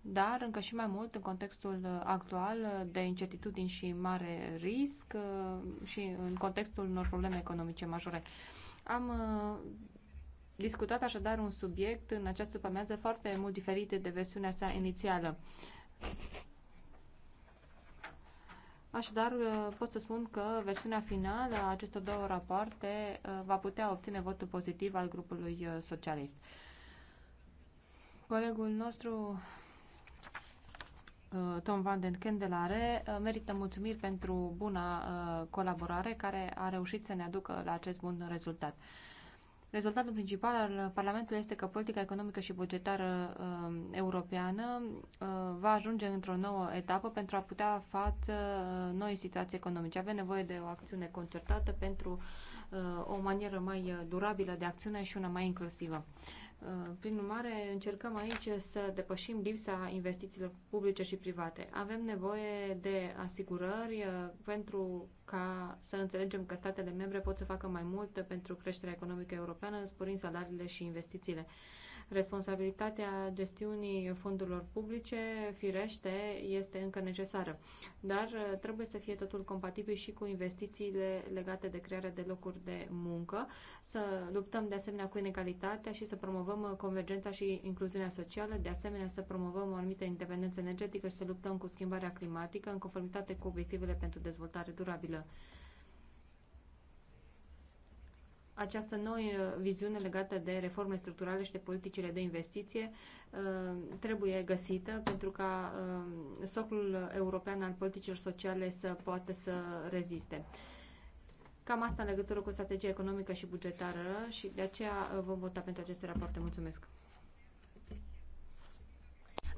dar încă și mai mult în contextul actual de incertitudini și mare risc uh, și în contextul unor probleme economice majore. Am uh, discutat așadar un subiect în această supamează foarte mult diferit de versiunea sa inițială. Așadar, uh, pot să spun că versiunea finală a acestor două rapoarte va putea obține votul pozitiv al grupului socialist. Colegul nostru Uh, Tom Van den Kendelare uh, merită mulțumiri pentru buna uh, colaborare care a reușit să ne aducă la acest bun rezultat. Rezultatul principal al Parlamentului este că politica economică și bugetară europeană va ajunge într-o nouă etapă pentru a putea față noi situații economice. Avem nevoie de o acțiune concertată pentru o manieră mai durabilă de acțiune și una mai inclusivă. Uh, prin urmare, încercăm aici să depășim lipsa investițiilor publice și private. Avem nevoie de asigurări uh, pentru ca să înțelegem că statele membre pot să facă mai mult pentru creșterea economică europeană, sporind salariile și investițiile. Responsabilitatea gestiunii fondurilor publice, firește, este încă necesară, dar uh, trebuie să fie totul compatibil și cu investițiile legate de crearea de locuri de muncă, să luptăm de asemenea cu inegalitatea și să promovăm uh, convergența și incluziunea socială, de asemenea să promovăm o anumită independență energetică și să luptăm cu schimbarea climatică în conformitate cu obiectivele pentru dezvoltare durabilă această nouă viziune legată de reforme structurale și de politicile de investiție uh, trebuie găsită pentru ca uh, socul european al politicilor sociale să poată să reziste. Cam asta în legătură cu strategia economică și bugetară și de aceea uh, vom vota pentru aceste rapoarte. Mulțumesc!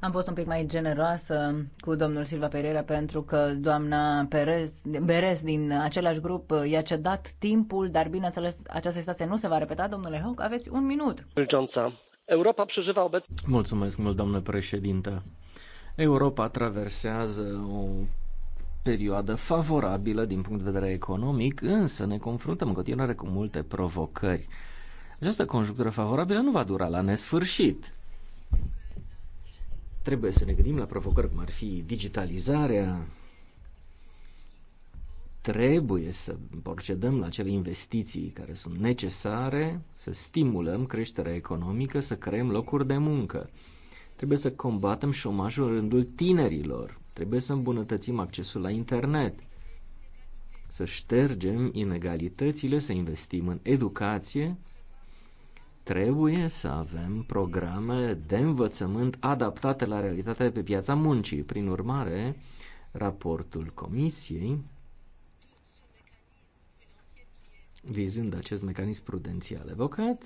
Am fost un pic mai generoasă cu domnul Silva Pereira pentru că doamna Perez, Berez din același grup i-a cedat timpul, dar bineînțeles această situație nu se va repeta. Domnule Hoc, aveți un minut. Europa przeżywa obecnie... Mulțumesc mult, domnule președinte. Europa traversează o perioadă favorabilă din punct de vedere economic, însă ne confruntăm în continuare cu multe provocări. Această conjunctură favorabilă nu va dura la nesfârșit. Trebuie să ne gândim la provocări cum ar fi digitalizarea, trebuie să procedăm la acele investiții care sunt necesare, să stimulăm creșterea economică, să creăm locuri de muncă. Trebuie să combatem șomajul în rândul tinerilor. Trebuie să îmbunătățim accesul la internet. Să ștergem inegalitățile, să investim în educație Trebuie să avem programe de învățământ adaptate la realitatea de pe piața muncii. Prin urmare, raportul Comisiei, vizând acest mecanism prudențial evocat,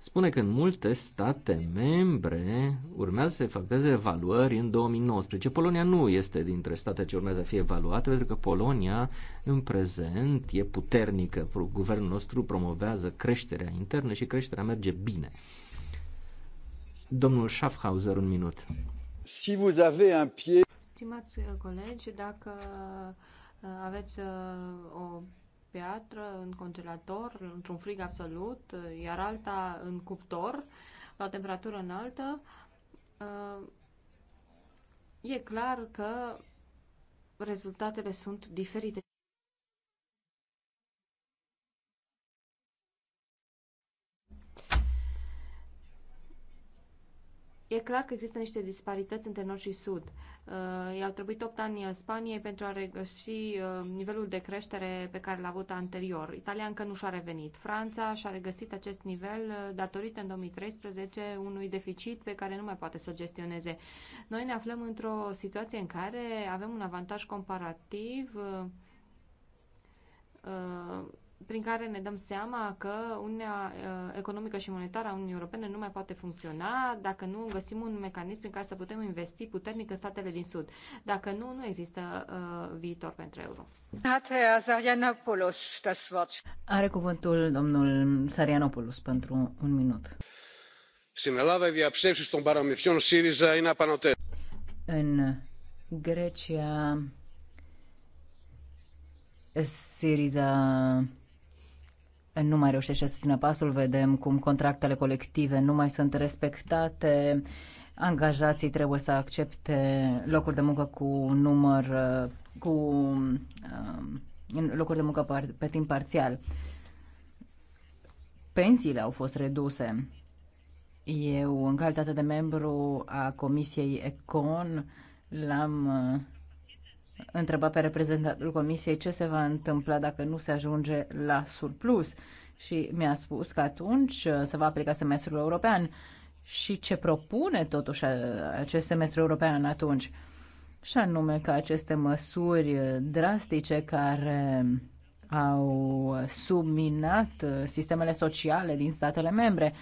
spune că în multe state membre urmează să efectueze evaluări în 2019. Polonia nu este dintre state ce urmează să fie evaluate, pentru că Polonia în prezent e puternică. Guvernul nostru promovează creșterea internă și creșterea merge bine. Domnul Schaffhauser, un minut. Si vous avez un pied... Stimați uh, colegi, dacă uh, aveți uh, o piatră, în congelator, într-un frig absolut, iar alta în cuptor, la temperatură înaltă, uh, e clar că rezultatele sunt diferite. E clar că există niște disparități între nord și sud. Uh, i-au trebuit 8 ani Spaniei pentru a regăsi uh, nivelul de creștere pe care l-a avut anterior. Italia încă nu și-a revenit. Franța și-a regăsit acest nivel uh, datorită în 2013 unui deficit pe care nu mai poate să gestioneze. Noi ne aflăm într-o situație în care avem un avantaj comparativ. Uh, uh, prin care ne dăm seama că Uniunea uh, Economică și Monetară a Uniunii Europene nu mai poate funcționa dacă nu găsim un mecanism prin care să putem investi puternic în statele din Sud. Dacă nu, nu există uh, viitor pentru euro. Are cuvântul domnul Sarianopoulos pentru un minut. Στην Ελλάδα οι των παραμυθιών ΣΥΡΙΖΑ είναι În Grecia, ΣΥΡΙΖΑ nu mai reușește să țină pasul, vedem cum contractele colective nu mai sunt respectate, angajații trebuie să accepte locuri de muncă cu număr, cu um, locuri de muncă pe timp parțial. Pensiile au fost reduse. Eu, în calitate de membru a Comisiei Econ, l-am uh, întreba pe reprezentantul Comisiei ce se va întâmpla dacă nu se ajunge la surplus și mi-a spus că atunci uh, se va aplica semestrul european și ce propune totuși uh, acest semestru european atunci și anume că aceste măsuri uh, drastice care au subminat sistemele sociale din statele membre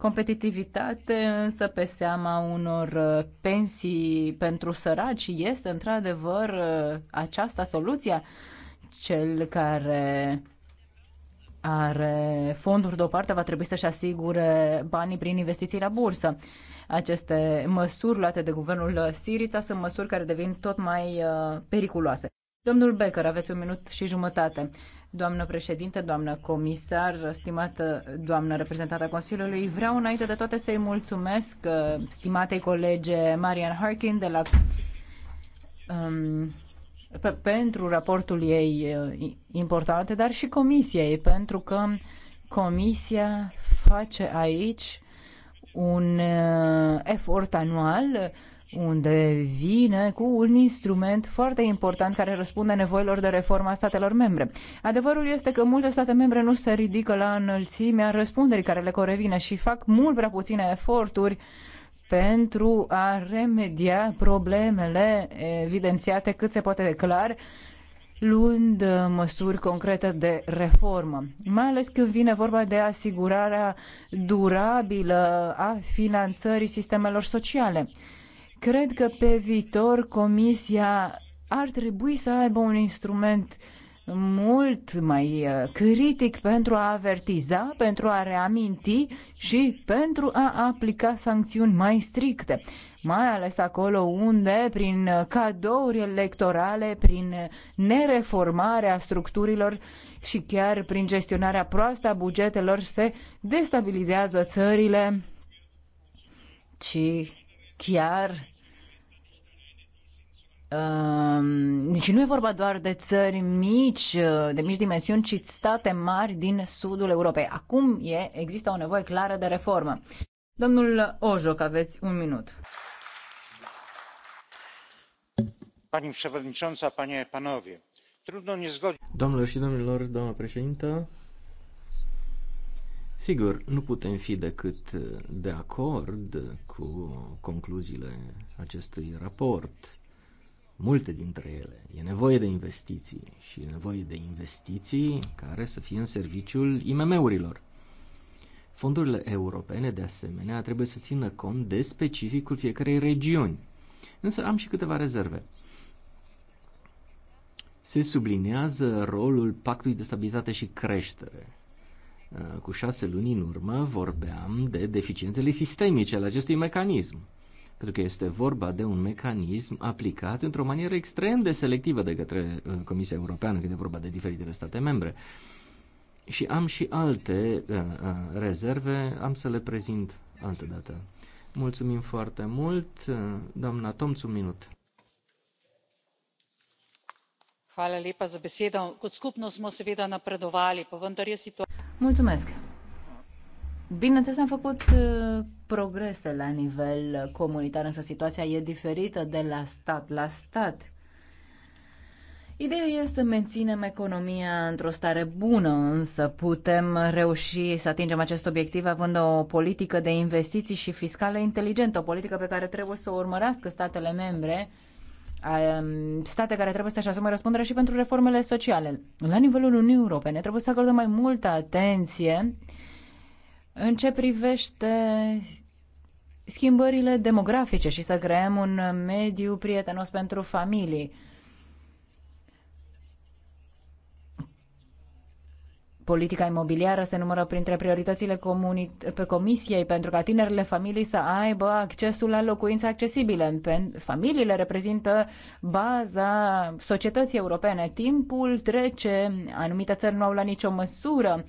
Competitivitate însă pe seama unor uh, pensii pentru săraci este într-adevăr uh, aceasta soluția. Cel care are fonduri deoparte va trebui să-și asigure banii prin investiții la bursă. Aceste măsuri luate de guvernul Sirița sunt măsuri care devin tot mai uh, periculoase. Domnul Becker, aveți un minut și jumătate. Doamnă președinte, doamnă comisar, stimată doamnă reprezentată a Consiliului, vreau înainte de toate să-i mulțumesc uh, stimatei colege Marian Harkin de la, um, pe, pentru raportul ei uh, important, dar și comisiei, pentru că comisia face aici un uh, efort anual uh, unde vine cu un instrument foarte important care răspunde nevoilor de reforma statelor membre. Adevărul este că multe state membre nu se ridică la înălțimea răspunderii care le corevine și fac mult prea puține eforturi pentru a remedia problemele evidențiate cât se poate de clar luând măsuri concrete de reformă, mai ales când vine vorba de asigurarea durabilă a finanțării sistemelor sociale. Cred că pe viitor Comisia ar trebui să aibă un instrument mult mai uh, critic pentru a avertiza, pentru a reaminti și pentru a aplica sancțiuni mai stricte, mai ales acolo unde, prin uh, cadouri electorale, prin uh, nereformarea structurilor și chiar prin gestionarea proastă a bugetelor, se destabilizează țările și chiar Uh, și nu e vorba doar de țări mici, de mici dimensiuni, ci state mari din sudul Europei. Acum e, există o nevoie clară de reformă. Domnul Ojoc, aveți un minut. Pani președinte, panie, panowie, trudno ne zgodi. Domnilor și domnilor, doamna președintă, Sigur, nu putem fi decât uh, de acord uh, cu concluziile acestui raport, multe dintre ele. E nevoie de investiții și e nevoie de investiții care să fie în serviciul IMM-urilor. Fondurile europene, de asemenea, trebuie să țină cont de specificul fiecarei regiuni. Însă am și câteva rezerve. Se subliniază rolul Pactului de Stabilitate și Creștere Uh, cu șase luni în urmă vorbeam de deficiențele sistemice ale acestui mecanism, pentru că este vorba de un mecanism aplicat într-o manieră extrem de selectivă de către uh, Comisia Europeană când e vorba de diferitele state membre. Și am și alte uh, uh, rezerve, am să le prezint altă dată. Mulțumim foarte mult. Uh, doamna Tomț, un minut. Hvala lepa za besedo. Kot skupno smo seveda napredovali, pa vendar je situacija. Mulțumesc! Bineînțeles, am făcut uh, progrese la nivel comunitar, însă situația e diferită de la stat la stat. Ideea e să menținem economia într-o stare bună, însă putem reuși să atingem acest obiectiv având o politică de investiții și fiscală inteligentă, o politică pe care trebuie să o urmărească statele membre state care trebuie să-și asume răspunderea și pentru reformele sociale. La nivelul Uniunii Europene trebuie să acordăm mai multă atenție în ce privește schimbările demografice și să creăm un mediu prietenos pentru familii. politica imobiliară se numără printre prioritățile comuni- pe comisiei pentru ca tinerile familii să aibă accesul la locuințe accesibile. Familiile reprezintă baza societății europene. Timpul trece, anumite țări nu au la nicio măsură.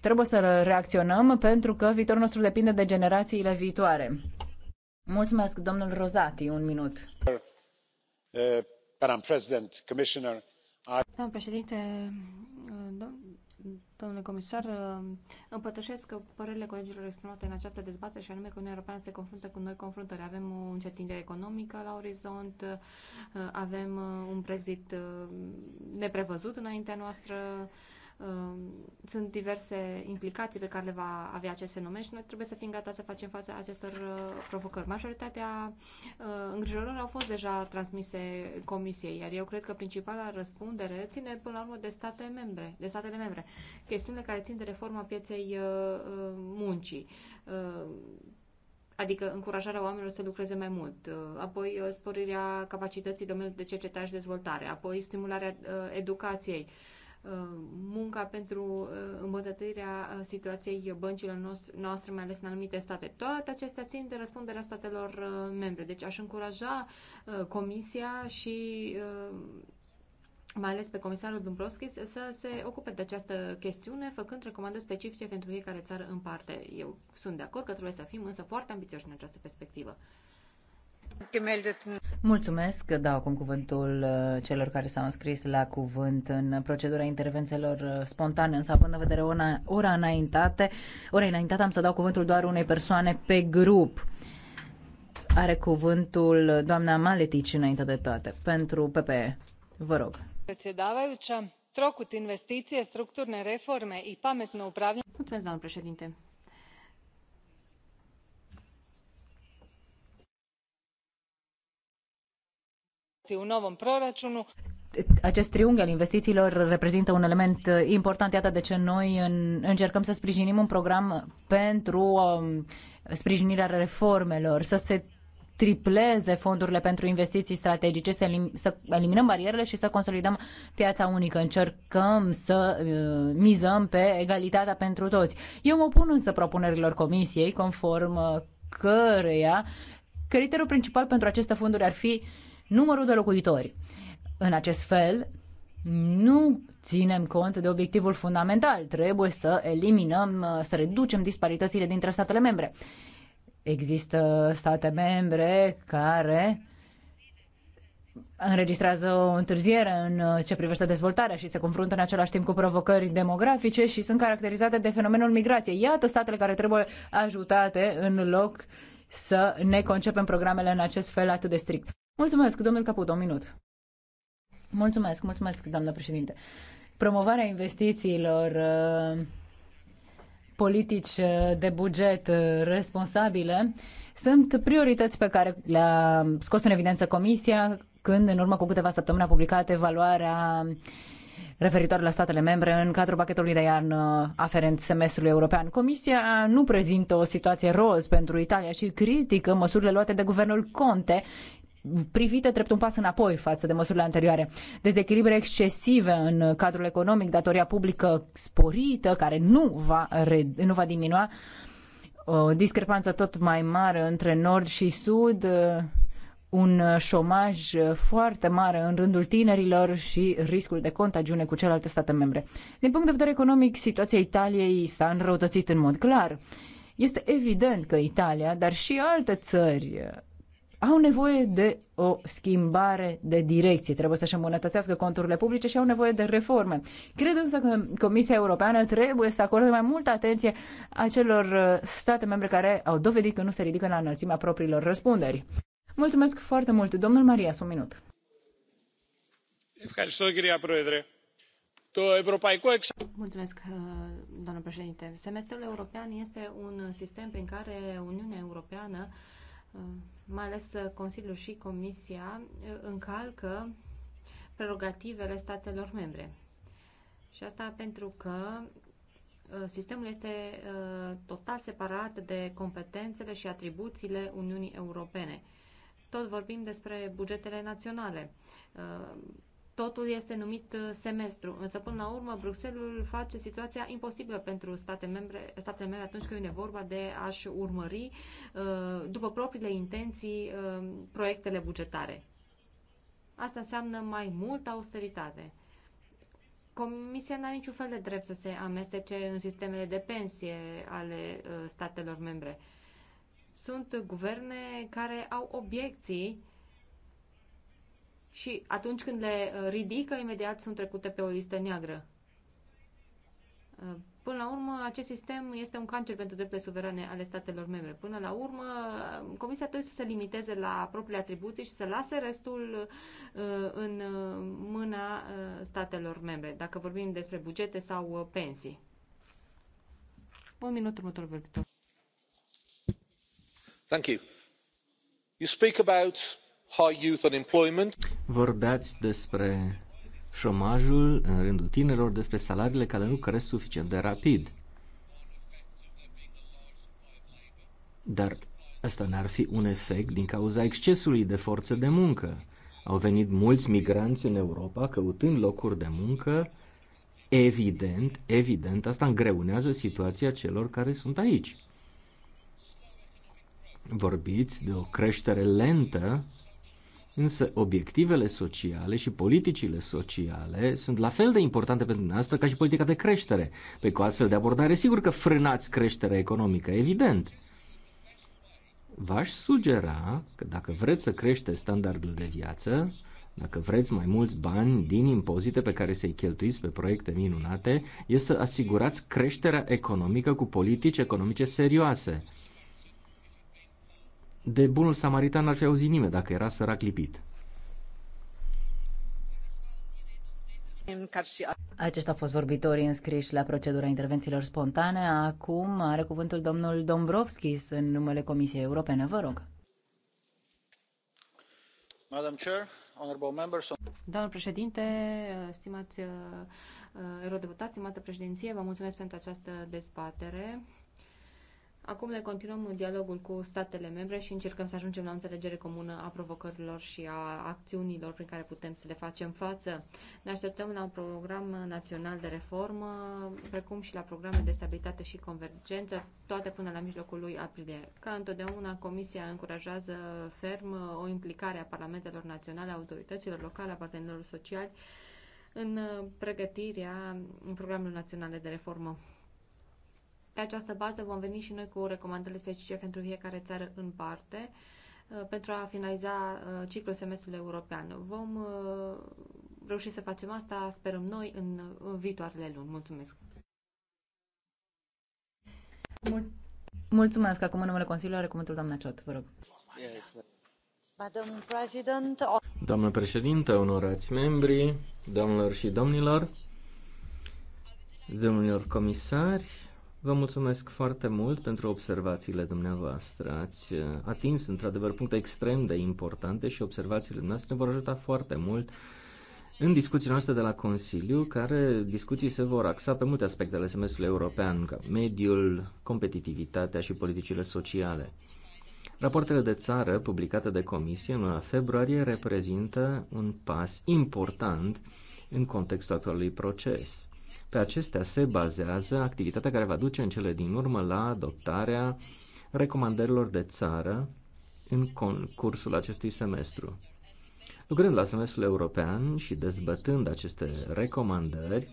Trebuie să reacționăm pentru că viitorul nostru depinde de generațiile viitoare. Mulțumesc, domnul Rozati, un minut. Uh, Madam President, Commissioner, Doamna președinte, domnule comisar, împătășesc părerile colegilor exprimate în această dezbatere și anume că Uniunea Europeană se confruntă cu noi confruntări. Avem o încertindere economică la orizont, avem un Brexit uh, neprevăzut înaintea noastră, Um, sunt diverse implicații pe care le va avea acest fenomen și noi trebuie să fim gata să facem față acestor uh, provocări. Majoritatea uh, îngrijorărilor au fost deja transmise Comisiei, iar eu cred că principala răspundere ține până la urmă de, state membre, de statele membre. Chestiunile care țin de reforma pieței uh, muncii, adică încurajarea oamenilor să lucreze mai mult, apoi sporirea capacității domeniului de cercetare și dezvoltare, apoi stimularea educației, Uh, munca pentru uh, îmbunătățirea uh, situației băncilor noastre, mai ales în anumite state. Toate acestea țin de răspunderea statelor membre. Deci aș încuraja Comisia și mai ales pe comisarul Dombrovskis, să se ocupe de această chestiune, făcând recomandări specifice pentru fiecare țară în parte. Eu sunt de acord că trebuie să fim însă foarte ambițioși în această perspectivă. Mulțumesc, dau acum cuvântul uh, celor care s-au înscris la cuvânt în procedura intervențiilor uh, spontane, însă având în vedere ora, ora înaintate, ora înaintată am să dau cuvântul doar unei persoane pe grup. Are cuvântul doamna Maletici înainte de toate. Pentru PPE, vă rog. Mulțumesc, doamna președinte acest triunghi al investițiilor reprezintă un element uh, important. Iată de ce noi încercăm să sprijinim un program pentru um, sprijinirea reformelor, să se tripleze fondurile pentru investiții strategice, să, elim- să eliminăm barierele și să consolidăm piața unică. Încercăm să uh, mizăm pe egalitatea pentru toți. Eu mă opun însă propunerilor comisiei, conform uh, căreia criteriul principal pentru aceste fonduri ar fi uh, numărul de locuitori. În acest fel, nu ținem cont de obiectivul fundamental. Trebuie să eliminăm, uh, să reducem disparitățile dintre statele membre. Există state membre care înregistrează o întârziere în uh, ce privește dezvoltarea și se confruntă în același timp cu provocări demografice și sunt caracterizate de fenomenul migrației. Iată statele care trebuie ajutate în loc să ne concepem programele în acest fel atât de strict. Mulțumesc, domnul Caput, un minut. Mulțumesc, mulțumesc, doamnă președinte. Promovarea investițiilor uh, politici uh, de buget uh, responsabile sunt priorități pe care le-a scos în evidență Comisia când în urmă cu câteva săptămâni a publicat evaluarea referitoare la statele membre în cadrul pachetului de iarnă aferent semestrului european. Comisia nu prezintă o situație roz pentru Italia și critică măsurile luate de guvernul Conte privite drept un pas înapoi față de măsurile anterioare. Dezechilibre excesive în cadrul economic, datoria publică sporită, care nu va, nu va diminua, o discrepanță tot mai mare între nord și sud, un șomaj foarte mare în rândul tinerilor și riscul de contagiune cu celelalte state membre. Din punct de vedere economic, situația Italiei s-a înrăutățit în mod clar. Este evident că Italia, dar și alte țări au nevoie de o schimbare de direcție. Trebuie să-și îmbunătățească conturile publice și au nevoie de reforme. Cred însă că Comisia Europeană trebuie să acorde mai multă atenție acelor uh, state membre care au dovedit că nu se ridică la înălțimea propriilor răspunderi. Mulțumesc foarte mult. Domnul Maria, un minut. Mulțumesc, uh, doamnă președinte. Semestrul european este un sistem prin care Uniunea Europeană Uh, mai ales uh, Consiliul și Comisia, uh, încalcă prerogativele statelor membre. Și asta pentru că sistemul este total separat de competențele și atribuțiile Uniunii Europene. Tot vorbim despre bugetele naționale. Totul este numit uh, semestru, însă până la urmă Bruxelles face situația imposibilă pentru state membre, statele membre atunci când e vorba de a-și urmări uh, după propriile intenții uh, proiectele bugetare. Asta înseamnă mai multă austeritate. Comisia n-are niciun fel de drept să se amestece în sistemele de pensie ale statelor membre. Sunt guverne care au obiecții uh, și atunci când le uh, ridică, imediat sunt trecute pe o listă neagră. Uh, până la urmă, acest sistem este un cancer pentru drepturile suverane ale statelor membre. Până la urmă, Comisia trebuie să se limiteze la propriile atribuții și să lase restul uh, în mâna statelor membre, dacă vorbim despre bugete sau pensii. Un minut următorul vorbitor. Thank you. You speak about Vorbeați despre șomajul în rândul tinerilor, despre salariile care nu cresc suficient de rapid. Dar asta n-ar fi un efect din cauza excesului de forță de muncă. Au venit mulți migranți în Europa căutând locuri de muncă. Evident, evident, asta îngreunează situația celor care sunt aici. Vorbiți de o creștere lentă Însă obiectivele sociale și politicile sociale sunt la fel de importante pentru dumneavoastră ca și politica de creștere. Pe cu astfel de abordare, sigur că frânați creșterea economică, evident. V-aș sugera că dacă vreți să crește standardul de viață, dacă vreți mai mulți bani din impozite pe care să-i cheltuiți pe proiecte minunate, e să asigurați creșterea economică cu politici economice serioase de bunul samaritan n-ar fi auzit nimeni dacă era sărac lipit. Aceștia au fost vorbitorii înscriși la procedura intervențiilor spontane. Acum are cuvântul domnul Dombrovskis în numele Comisiei Europene. Vă rog. Madam Chair, honorable members... Domnul președinte, stimați uh, eurodeputați, stimată președinție, vă mulțumesc pentru această dezbatere. Acum le continuăm în dialogul cu statele membre și încercăm să ajungem la o înțelegere comună a provocărilor și a acțiunilor prin care putem să le facem față. Ne așteptăm la un program național de reformă, precum și la programe de stabilitate și convergență, toate până la mijlocul lui aprilie. Ca întotdeauna, Comisia încurajează ferm o implicare a parlamentelor naționale, a autorităților locale, a partenerilor sociali în pregătirea programelor naționale de reformă. Pe această bază vom veni și noi cu recomandările specifice pentru fiecare țară în parte uh, pentru a finaliza uh, ciclul semestrului european. Vom uh, reuși să facem asta, sperăm noi, în viitoarele luni. Mulțumesc! Mul- Mulțumesc. Acum în numele Consiliului are cuvântul doamna Ciot, vă rog. Doamnă președintă, onorați membri, doamnelor și domnilor, domnilor comisari, Vă mulțumesc foarte mult pentru observațiile dumneavoastră. Ați uh, atins, într-adevăr, puncte extrem de importante și observațiile noastre vor ajuta foarte mult în discuțiile noastre de la Consiliu, care discuții se vor axa pe multe aspecte ale semestrului european, ca mediul, competitivitatea și politicile sociale. Rapoartele de țară publicate de Comisie în luna februarie reprezintă un pas important în contextul actualului proces. Pe acestea se bazează activitatea care va duce în cele din urmă la adoptarea recomandărilor de țară în cursul acestui semestru. Lucrând la semestrul european și dezbătând aceste recomandări,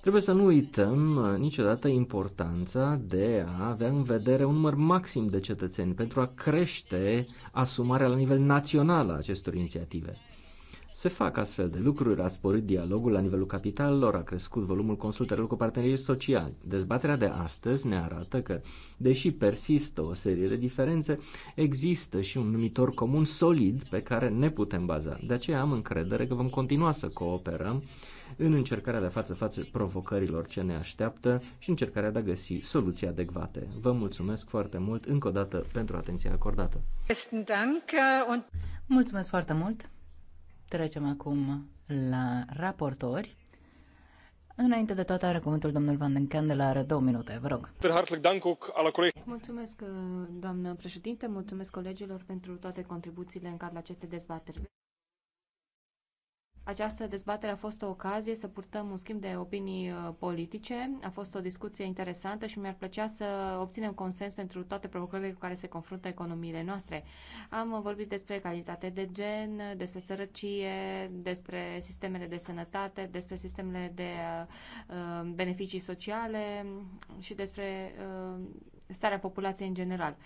trebuie să nu uităm uh, niciodată importanța de a avea în vedere un număr maxim de cetățeni pentru a crește asumarea la nivel național a acestor inițiative. Se fac astfel de lucruri, a sporit dialogul la nivelul capitalelor, a crescut volumul consultărilor cu partenerii sociali. Dezbaterea de astăzi ne arată că, deși persistă o serie de diferențe, există și un numitor comun solid pe care ne putem baza. De aceea am încredere că vom continua să cooperăm în încercarea de a face față provocărilor ce ne așteaptă și încercarea de a găsi soluții adecvate. Vă mulțumesc foarte mult încă o dată pentru atenția acordată. Mulțumesc foarte mult! Trecem acum la raportori. Înainte de toate, are cuvântul domnul Van den Candela, are două minute, vă rog. Mulțumesc, doamnă președinte, mulțumesc colegilor pentru toate contribuțiile în cadrul acestei dezbateri. Această dezbatere a fost o ocazie să purtăm un schimb de opinii uh, politice. A fost o discuție interesantă și mi-ar plăcea să obținem consens pentru toate provocările cu care se confruntă economiile noastre. Am vorbit despre calitate de gen, despre sărăcie, despre sistemele de sănătate, despre sistemele de uh, uh, beneficii sociale și despre starea populației în general.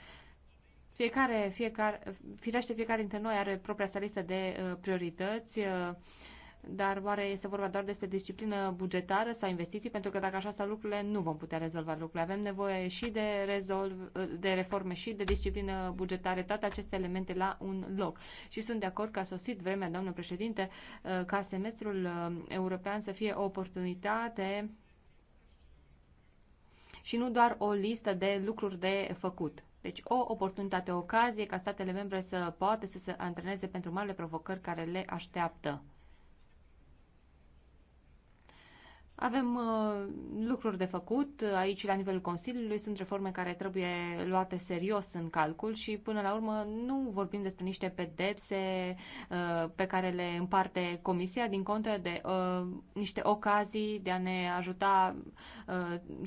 Fiecare, fiecare, firește fiecare dintre noi are propria sa listă de uh, priorități, uh, dar oare este vorba doar despre disciplină bugetară sau investiții? Pentru că dacă așa stau lucrurile, nu vom putea rezolva lucrurile. Avem nevoie și de, rezolv, uh, de reforme și de disciplină bugetară, toate aceste elemente la un loc. Și sunt de acord că a sosit vremea, doamnă președinte, uh, ca semestrul uh, european să fie o oportunitate și nu doar o listă de lucruri de făcut. Deci o oportunitate, o ocazie ca statele membre să poată să se antreneze pentru marile provocări care le așteaptă. Avem uh, lucruri de făcut aici la nivelul Consiliului, sunt reforme care trebuie luate serios în calcul și până la urmă nu vorbim despre niște pedepse uh, pe care le împarte Comisia din contă de uh, niște ocazii de a ne ajuta uh,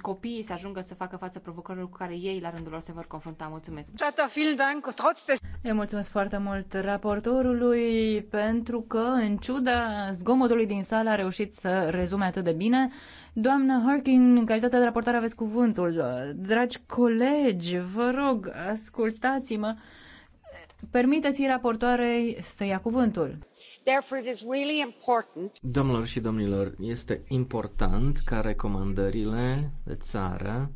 copiii să ajungă să facă față provocărilor cu care ei la rândul lor se vor confrunta. Mulțumesc! Eu mulțumesc foarte mult raportorului pentru că, în ciuda zgomotului din sală, a reușit să rezume atât de bine Doamnă Harkin, în calitate de raportare aveți cuvântul. Dragi colegi, vă rog, ascultați-mă. Permiteți raportoarei să ia cuvântul. Domnilor și domnilor, este important ca recomandările de țară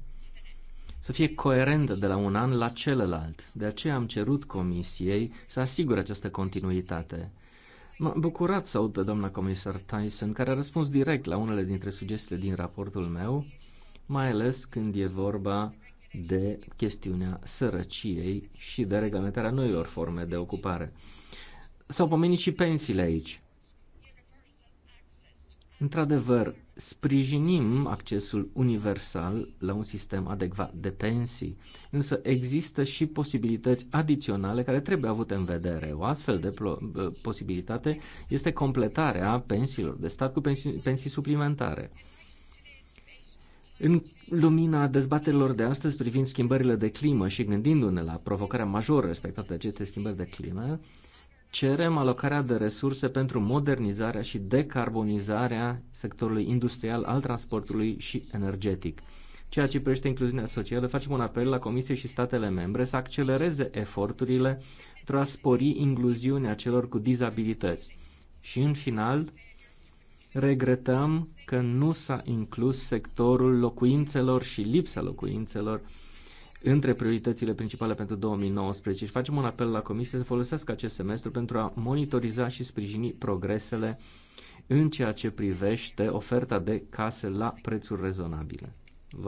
să fie coerentă de la un an la celălalt. De aceea am cerut Comisiei să asigure această continuitate. M-am bucurat să aud pe doamna comisar Tyson, care a răspuns direct la unele dintre sugestiile din raportul meu, mai ales când e vorba de chestiunea sărăciei și de reglementarea noilor forme de ocupare. S-au pomenit și pensiile aici. Într-adevăr, sprijinim accesul universal la un sistem adecvat de pensii, însă există și posibilități adiționale care trebuie avute în vedere. O astfel de posibilitate este completarea pensiilor de stat cu pensii, pensii suplimentare. În lumina dezbaterilor de astăzi privind schimbările de climă și gândindu-ne la provocarea majoră respectată de aceste schimbări de climă, cerem alocarea de resurse pentru modernizarea și decarbonizarea sectorului industrial al transportului și energetic. Ceea ce privește incluziunea socială, facem un apel la Comisie și statele membre să accelereze eforturile pentru a spori incluziunea celor cu dizabilități. Și în final, regretăm că nu s-a inclus sectorul locuințelor și lipsa locuințelor între prioritățile principale pentru 2019 și facem un apel la Comisie să folosească acest semestru pentru a monitoriza și sprijini progresele în ceea ce privește oferta de case la prețuri rezonabile. Vă